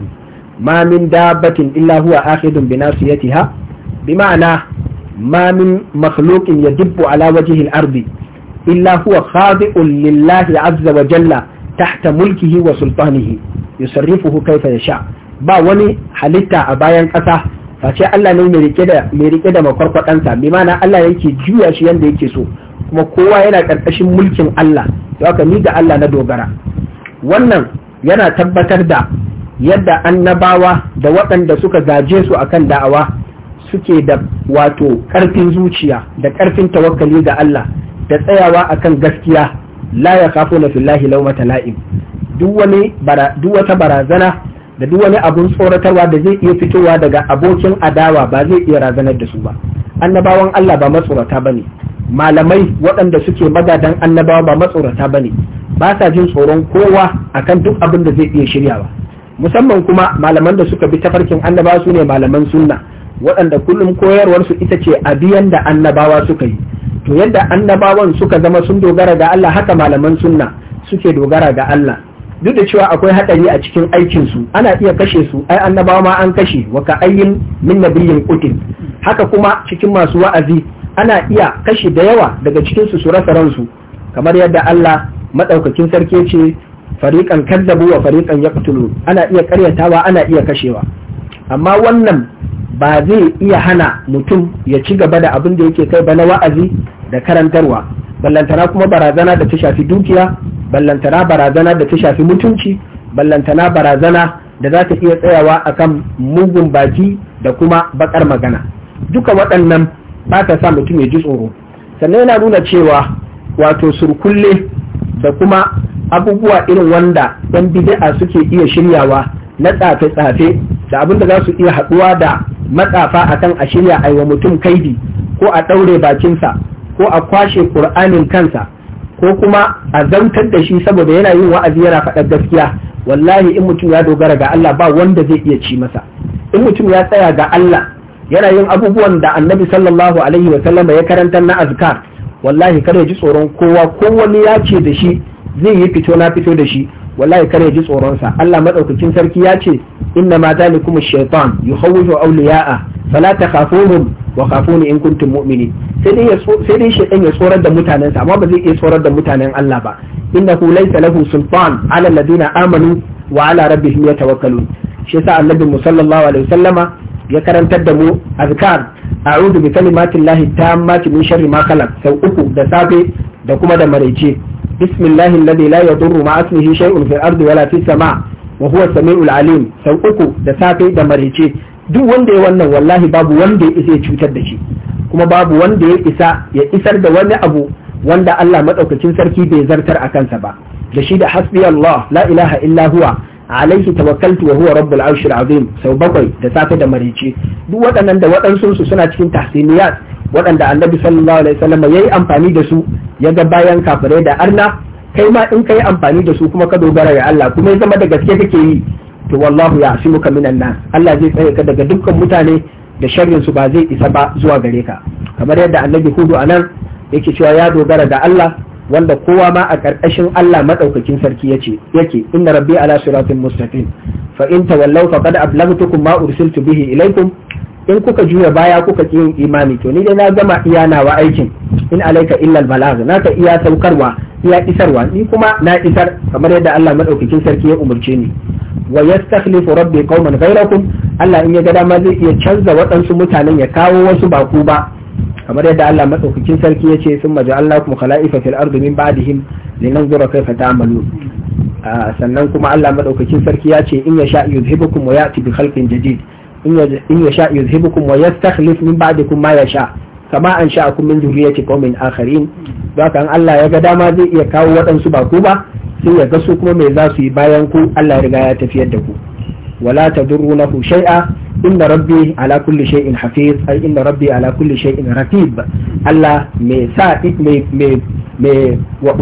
Speaker 1: ma min dabbatin illa huwa akhidun bi nasiyatiha bi ma'ana ma min makhluqin yadibbu ala wajhi al-ardi illa huwa khadi'un lillahi azza wa jalla tahta mulkihi wa sultanihi yusarrifuhu kayfa yasha ba wani halitta a bayan ƙasa face Allah ne mai rike da mai rike da bi ma'ana Allah yake juya shi yanda yake so kuma kowa yana ƙarƙashin mulkin Allah haka ni ga Allah na dogara wannan yana tabbatar da yadda annabawa da waɗanda suka gaje su akan da'awa suke da wato ƙarfin zuciya da ƙarfin tawakkali ga Allah da tsayawa akan gaskiya la ya kafo na fillahi laumata la'im duk wata barazana da duk wani abun tsoratarwa da zai iya fitowa daga abokin adawa ba zai iya razanar da su ba annabawan Allah ba matsorata ba ne malamai waɗanda suke magadan annabawa ba matsorata ba ne ba sa jin tsoron kowa akan duk abin da zai iya shirya shiryawa musamman kuma malaman da suka bi tafarkin annabawa su ne malaman sunna waɗanda kullum koyarwarsu ita ce a biyan da annabawa suka yi to yadda annabawan suka zama sun dogara ga Allah haka malaman sunna suke dogara ga Allah duk da cewa akwai haɗari a cikin aikin su ana iya kashe su ai annabawa ma an kashe waka ayyin min nabiyyin utin haka kuma cikin masu wa'azi ana iya kashe da yawa daga cikin su rasa ransu kamar yadda Allah madaukakin sarki ce fariƙan kallabu wa fariqan yaqtulu ana iya ƙaryatawa ana iya kashewa amma wannan ba zai iya hana mutum ya ci gaba da abin da yake kai ba na wa'azi da karantarwa ballantana kuma barazana da ta shafi dukiya ballantana barazana da ta shafi mutunci ballantana barazana da za ta iya tsayawa akan mugun baki da kuma bakar magana duka waɗannan ba ta sa mutum ya ji tsoro sannan yana nuna cewa wato surkulle da kuma abubuwa irin wanda yan bid'a suke iya shiryawa na tsafe-tsafe da abinda za su iya haɗuwa da matsafa a kan a shirya a wa mutum kaidi ko a ɗaure bakinsa ko a kwashe ƙur'anin kansa ko kuma a zantar da shi saboda yana yin wa'azi yana faɗar gaskiya wallahi in mutum ya dogara ga Allah ba wanda zai iya ci masa in mutum ya tsaya ga Allah yana yin abubuwan da annabi sallallahu alaihi wa sallama ya karantar na azkar wallahi kada ya ji tsoron kowa ko wani ya ce da shi zai yi fito na fito da shi wallahi kada ya ji tsoron sa Allah madaukakin sarki ya ce inna ma zalikum shaytan yukhawwifu awliya'a fala takhafuhum wa khafuni in kuntum mu'minin sai dai sai dai shaytan ya tsorar da mutanen sa amma ba zai iya tsorar da mutanen Allah ba innahu laysa lahu sultan ala alladhina amanu wa ala rabbihim yatawakkalun shi yasa annabi sallallahu alaihi wasallama ya karantar da mu azkar a'udhu bi kalimatillahi tammati min sharri ma khalaq sau uku da safe da kuma da maraice bismillahi alladhi la yadurru ma ismihi shay'un fil ardi wala fis sama' wa huwa samiul alim sau uku da safe da maraice duk wanda ya wannan wallahi babu wanda ya isa ya cutar da shi kuma babu wanda ya isa ya isar da wani abu wanda Allah madaukakin sarki bai zartar a kansa ba da shi da hasbi Allah la ilaha illa huwa alaihi tawakkaltu wa huwa rabbul arshil azim sau bakwai da safe da marice duk waɗannan da waɗansu suna cikin tahsiniyat waɗanda annabi sallallahu alaihi wasallam yayi amfani da su ya ga bayan kafirai da arna kai ma in kai amfani da su kuma ka dogara ga Allah kuma ya zama da gaske kake yi to wallahu ya asimuka minan nan. Allah zai tsaye ka daga dukkan mutane da sharrin su ba zai isa ba zuwa gare ka kamar yadda annabi hudu anan yake cewa ya dogara da Allah wanda kowa ma a ƙarƙashin Allah maɗaukakin sarki ce yake inna rabbi ala siratin mustaqim fa in tawallaw faqad ablaghtukum ma ursiltu bihi ilaykum in kuka juya baya kuka ki yin imani to ni dai na gama iya nawa aikin in alaika illa albalagh na ka iya saukarwa iya isarwa ni kuma na isar kamar yadda Allah maɗaukakin sarki ya umarce ni wa yastakhlifu rabbi qauman ghayrakum Allah in ya ga dama zai iya canza waɗansu mutanen ya kawo wasu baku ba kamar yadda Allah madaukakin sarki ya ce sun maja Allah kuma khala'ifa fil ardu min ba'dihim linanzura kaifa ta'malu sannan kuma Allah madaukakin sarki ya ce in yasha yuzhibukum wa ya'ti bi khalqin jadid in yasha yuzhibukum wa yastakhlif min ba'dikum ma yasha kama an sha'akum min zurriyyati qaumin akharin haka an Allah ya ga dama zai iya kawo waɗansu ba ku ba sai ya ga su kuma me za su yi bayan ku Allah ya riga ya tafiyar da ku wala tadurrunahu shay'a inna rabbi ala kulli shay'in hafiz inna rabbi ala kulli shay'in raqib Allah mai sa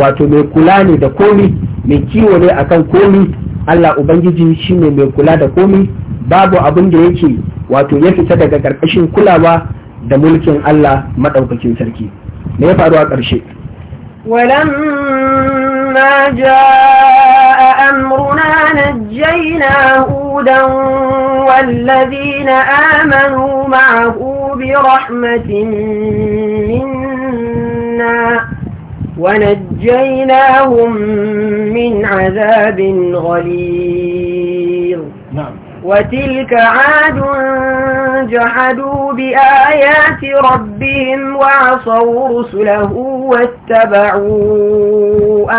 Speaker 1: wato mai kula ne da komi mai kiwo ne akan komi Allah ubangiji shine mai kula da komi babu abin da yake wato ya fita daga karkashin kulawa da mulkin Allah madaukakin sarki me ya faru a ƙarshe
Speaker 2: ولما جاء أمرنا نجينا هودا والذين آمنوا معه برحمة منا ونجيناهم من عذاب غليظ وتلك عاد جحدوا بآيات ربهم وعصوا رسله واتبعوا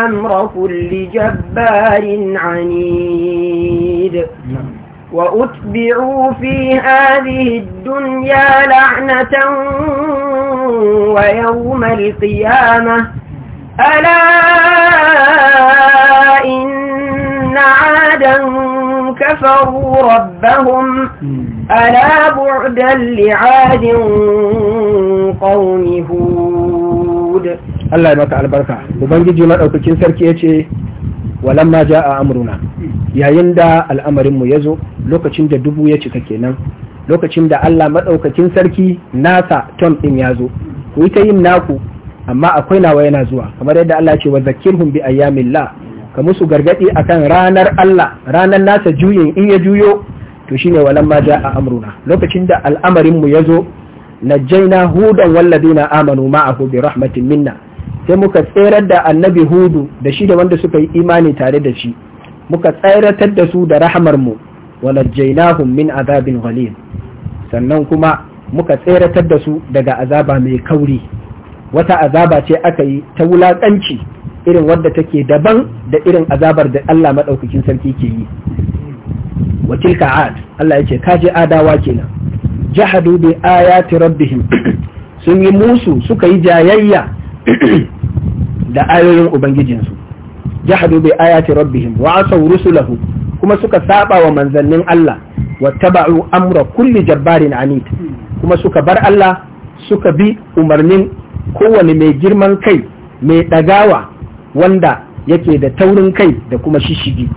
Speaker 2: أمر كل جبار عنيد نعم. وأتبعوا في هذه الدنيا لعنة ويوم القيامة ألا إن عادا أنهم كفروا ربهم ألا بعدا لعاد قوم هود
Speaker 1: الله يبارك على البركة وبنجي ما أوكي سركي يتي walamma ja'a amruna yayin da al'amarin mu zo lokacin da dubu ya cika kenan lokacin da Allah maɗaukakin sarki nasa tom ya zo. ku yi ta yin naku amma akwai nawa yana zuwa kamar yadda Allah ce wa zakirhum bi la. ka musu gargadi kan ranar Allah ranar nasa juyin in ya juyo to shine walan ma a amruna lokacin da al'amarin mu yazo najjayna hudan na amanu ma'ahu bi rahmatin minna sai muka tserar da annabi hudu da shi da wanda suka yi imani tare da shi muka tseratar da su da rahamar mu walajjaynahum azabin ghalib sannan kuma muka tseratar da daga azaba mai kauri wata azaba ce aka yi ta wulaƙanci. irin wadda take daban da irin azabar da Allah maɗaukakin sarki ke yi wa tilka ad Allah yace je adawa kenan jahadu bi ayati rabbihim sun yi musu suka yi jayayya da ayoyin ubangijinsu jahadu bi ayati rabbihim wa asaw rusulahu kuma suka saba wa manzannin Allah wa taba'u amra kulli jabbarin anid kuma suka bar Allah suka bi umarnin kowane mai girman kai mai ɗagawa wanda yake da taurin kai da kuma shishigi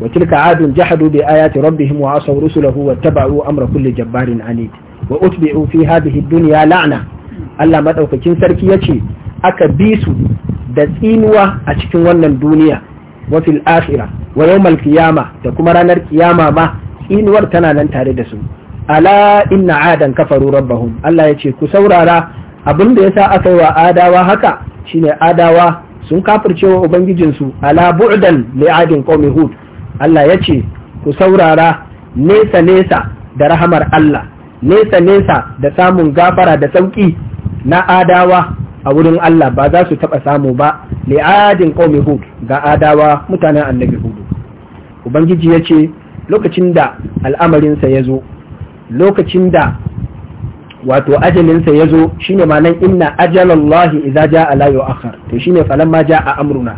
Speaker 1: wa tilka adun aya ta ayati rabbihim wa asaw rusulahu wa taba'u amra kulli jabbarin anid wa utbi'u fi hadhihi dunya la'na Allah maɗaukakin sarki yace aka bi su da tsinuwa a cikin wannan duniya wa fil akhirah wa yawmal da kuma ranar kiyama ma tsinuwar tana nan tare da su ala inna adan kafaru rabbahum Allah yace ku saurara abin da yasa aka yi wa adawa haka shine adawa sun wa ubangijinsu ala bu'dan li'adin qaumi hud Allah ya ce ku saurara nesa nesa da rahamar Allah nesa nesa da samun gafara da sauƙi na adawa a wurin Allah ba za su taɓa samu ba li'adin qaumi hud ga adawa mutanen annabi hudu ubangiji ya ce lokacin da al'amarinsa ya zo lokacin da wato ajalinsa ya zo shine ma'anan inna ajalallahi idza jaa la yu'akhkhar to shine ja a amruna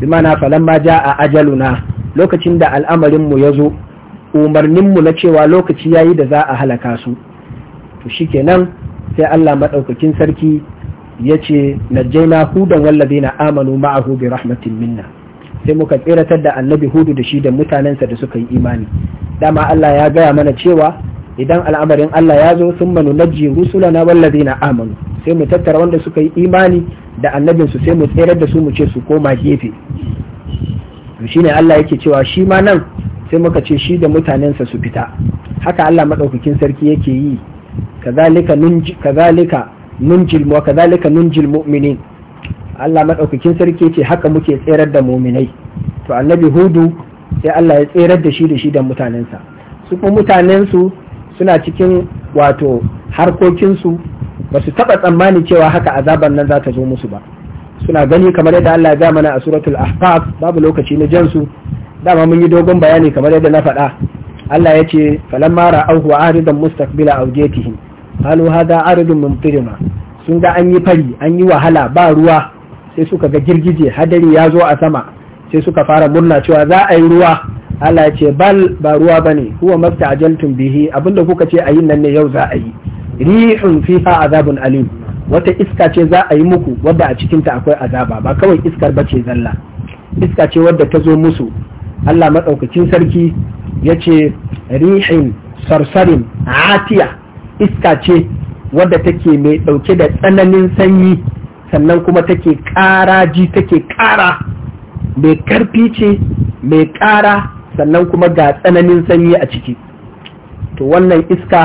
Speaker 1: bi ma'ana a jaa ajaluna lokacin da al'amarinmu ya zo umarninmu na cewa lokaci yayi da za a halaka su to shikenan sai Allah madaukakin sarki ya ce najjaina hudan walladina amanu ma'ahu bi rahmatin minna sai muka tseratar da annabi hudu da shi da mutanensa da suka yi imani dama Allah ya gaya mana cewa idan al'amarin Allah ya zo sun manu na rusulana na amanu sai mu tattara wanda suka yi imani da annabinsu sai mu tserar da su mu ce su koma gefe To shine Allah yake cewa shi ma nan sai muka ce shi da mutanensa su fita haka Allah maɗaukakin sarki yake yi kazalika nunji kazalika nunjil wa kazalika nunjil mu'minin Allah maɗaukakin sarki ce, haka muke tserar da mu'minai to annabi hudu sai Allah ya tserar da shi da shi da mutanensa su kuma mutanensu suna cikin wato harkokinsu ba su taɓa tsammani cewa haka azaban nan za ta zo musu ba suna gani kamar yadda Allah ya mana a suratul ahqaf babu lokaci na jansu dama mun yi dogon bayani kamar yadda na faɗa Allah ya ce falamma ra'awhu aridan mustaqbila awjatihim qalu hadha aridun mumtirima sun ga an yi fari an yi wahala ba ruwa sai suka ga girgije hadari ya zo a sama sai suka fara murna cewa za a yi ruwa Allah ya ce bal ba ruwa bane huwa masta'jaltum bihi abinda kuka ce a ayin nan ne yau za a yi ri'un fiha azabun alim wata iska ce za a yi muku wadda a cikinta akwai azaba ba kawai iskar ba ce zalla iska ce wadda ta zo musu Allah maɗaukacin sarki ya ce rihin sarsarin atiya iska ce wadda take mai ɗauke da tsananin sanyi sannan kuma take ƙara ji take ƙara mai karfi ce mai ƙara sannan kuma ga tsananin sanyi a ciki to wannan iska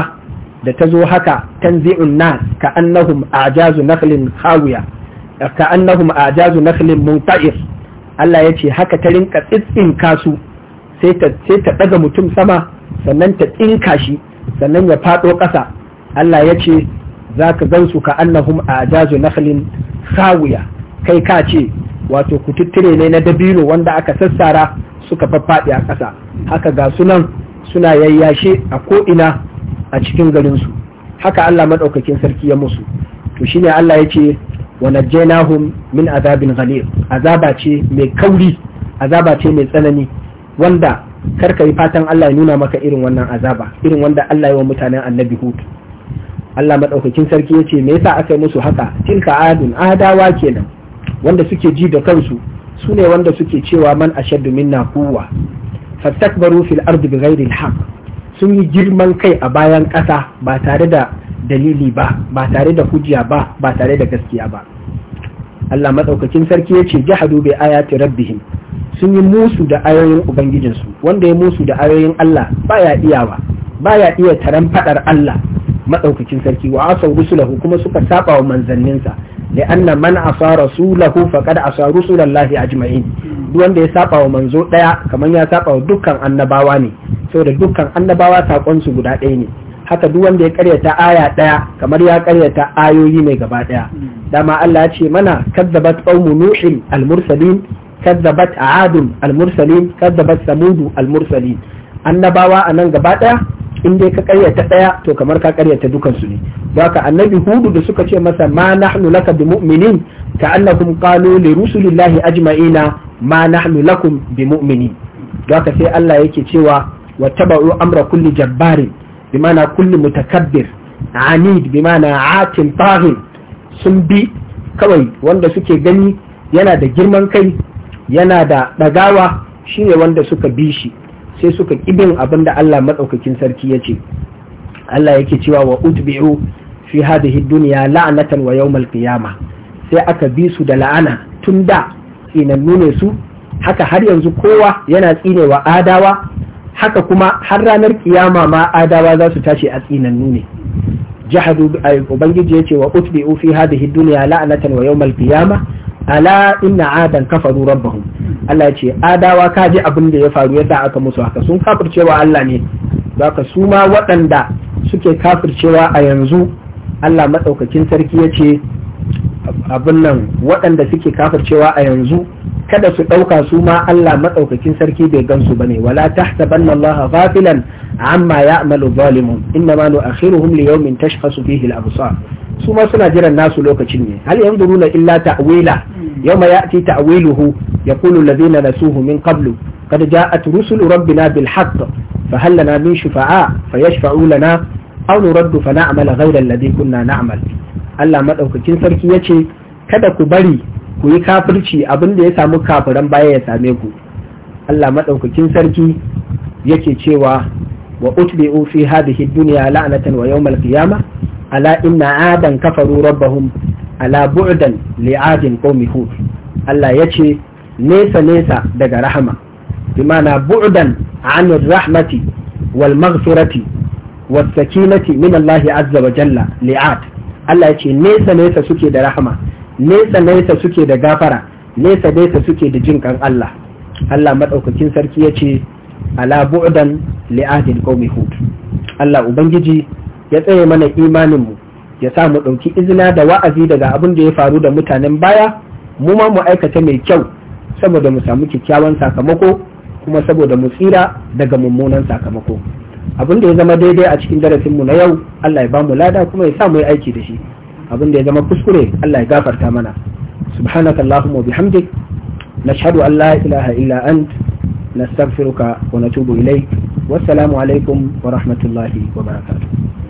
Speaker 1: da ta zo haka tanzi'un nas ka annahum ajazu nakhlin hawiya ka annahum ajazu nakhlin munqa'ir Allah ya ce haka ta rinka tsitsin kasu sai ta sai ta daga mutum sama sannan ta tsinka shi sannan ya fado ƙasa Allah ya ce zaka gansu ka annahum ajazu nakhlin hawiya kai ka ce wato kututture ne na dabino wanda aka sassara suka faffaɗi a ƙasa haka ga sunan suna yayyashe a ko'ina a cikin garinsu haka Allah maɗaukakin sarki ya musu to shine Allah ya ce wa najjaynahum min azabin ghalib azaba ce mai kauri azaba ce mai tsanani wanda karka yi fatan Allah ya nuna maka irin wannan azaba irin wanda Allah ya wa mutanen annabi Hud Allah maɗaukakin sarki ya ce, me yasa aka yi musu haka tilka adun adawa kenan wanda suke ji da kansu su ne wanda suke cewa man ashaddu minna kuwa fastakbaru fil ardi bighairi alhaq sun yi girman kai a bayan ƙasa ba tare da dalili ba ba tare da hujja ba ba tare da gaskiya ba Allah madaukakin sarki yace jahadu bi ayati rabbihim sun yi musu da ayoyin ubangijinsu wanda ya musu da ayoyin Allah baya iyawa baya iya taran fadar Allah madaukakin sarki wa asaw rusulahu kuma suka saba wa manzanninsa li'anna man asa rasulahu faqad asa rusulallahi ajma'in duk wanda ya saɓa wa manzo ɗaya kamar ya saba wa dukkan annabawa ne da dukkan annabawa saƙon su guda ɗaya ne haka duk ya karyata aya ɗaya kamar ya karyata ayoyi ne gaba daya dama Allah ya ce mana kadzabat qaumu nuhin al-mursalin kadzabat aadun al-mursalin kadzabat samudu al Annabawa annabawa nan gaba ɗaya? in dai ka karyata daya to kamar ka karyata dukan su ne haka annabi hudu da suka ce masa ma nahnu laka bi mu'minin ka annakum qalu li rusulillahi ajma'ina ma nahnu lakum bi mu'minin haka sai Allah yake cewa wa tabu amra kulli jabbarin bimana kulli mutakabbir anid bimana atin taghin sun bi kawai wanda suke gani yana da girman kai yana da dagawa shine wanda suka bi shi sai suka kibin abin da Allah madaukakin sarki ya ce Allah yake cewa wa utbi'u fi hadhihi dunya la'natan wa yawmal qiyama sai aka bi su da la'ana tun da tsinannu ne su haka har yanzu kowa yana tsinewa adawa haka kuma har ranar kiyama ma adawa za su tashi a tsinannu ne jahadu ubangiji yace wa utbi'u fi hadhihi dunya la'natan wa yawmal qiyama ala inna adan kafaru rabbahum Allah ya ce adawa ka ji abin da ya faru yasa aka musu haka sun kafircewa Allah ne zaka su ma waɗanda suke kafircewa a yanzu Allah maɗaukakin sarki ya ce abin nan waɗanda suke kafircewa a yanzu kada su ɗauka su ma Allah maɗaukakin sarki bai gansu ne, wala tahsabanna Allah ghafilan amma ya ya'malu zalimun inna ma nu'akhiruhum li yawmin tashkhasu fihi al-absar su ma suna jiran nasu lokacin ne hal rula illa ta'wila yawma ya'ti ta'wiluhu yaqulu alladhina nasuhu min qablu قد جاءت رسل ربنا بالحق فهل لنا من شفعاء فيشفعوا لنا أو fa فنعمل غير الذي kunna نعمل Allah مدوكين sarki yace kada ku bari ku yi kafirci abin da ya samu kafiran baya ya same ku Allah madaukakin sarki yake cewa wa utbi'u fi hadhihi dunya la'natan wa yawmal qiyamah ala inna adan kafaru rabbahum ala bu'dan li'adin qaumi hud Allah yace nesa nesa daga rahama ma'ana bu'dan an rahmati wal maghfirati was sakinati min Allah azza wa jalla li'ad Allah yace nesa nesa suke da rahama nesa nesa suke da gafara nesa nesa suke da jin kan Allah Allah madaukakin sarki yace ala bu'dan li'adin qaumi hud Allah ubangiji ya tsaye mana imaninmu ya sa mu ɗauki izina da wa'azi daga abin da ya faru da mutanen baya mu ma mu aikata mai kyau saboda mu samu kyakkyawan sakamako kuma saboda mu tsira daga mummunan sakamako abin da ya zama daidai a cikin darasin mu na yau Allah ya ba mu lada kuma ya sa mu yi aiki da shi abin da ya zama kuskure Allah ya gafarta mana subhanaka allahumma bihamdik nashhadu an la ilaha illa ant nastaghfiruka wa natubu ilayk wassalamu alaikum wa rahmatullahi wa barakatuh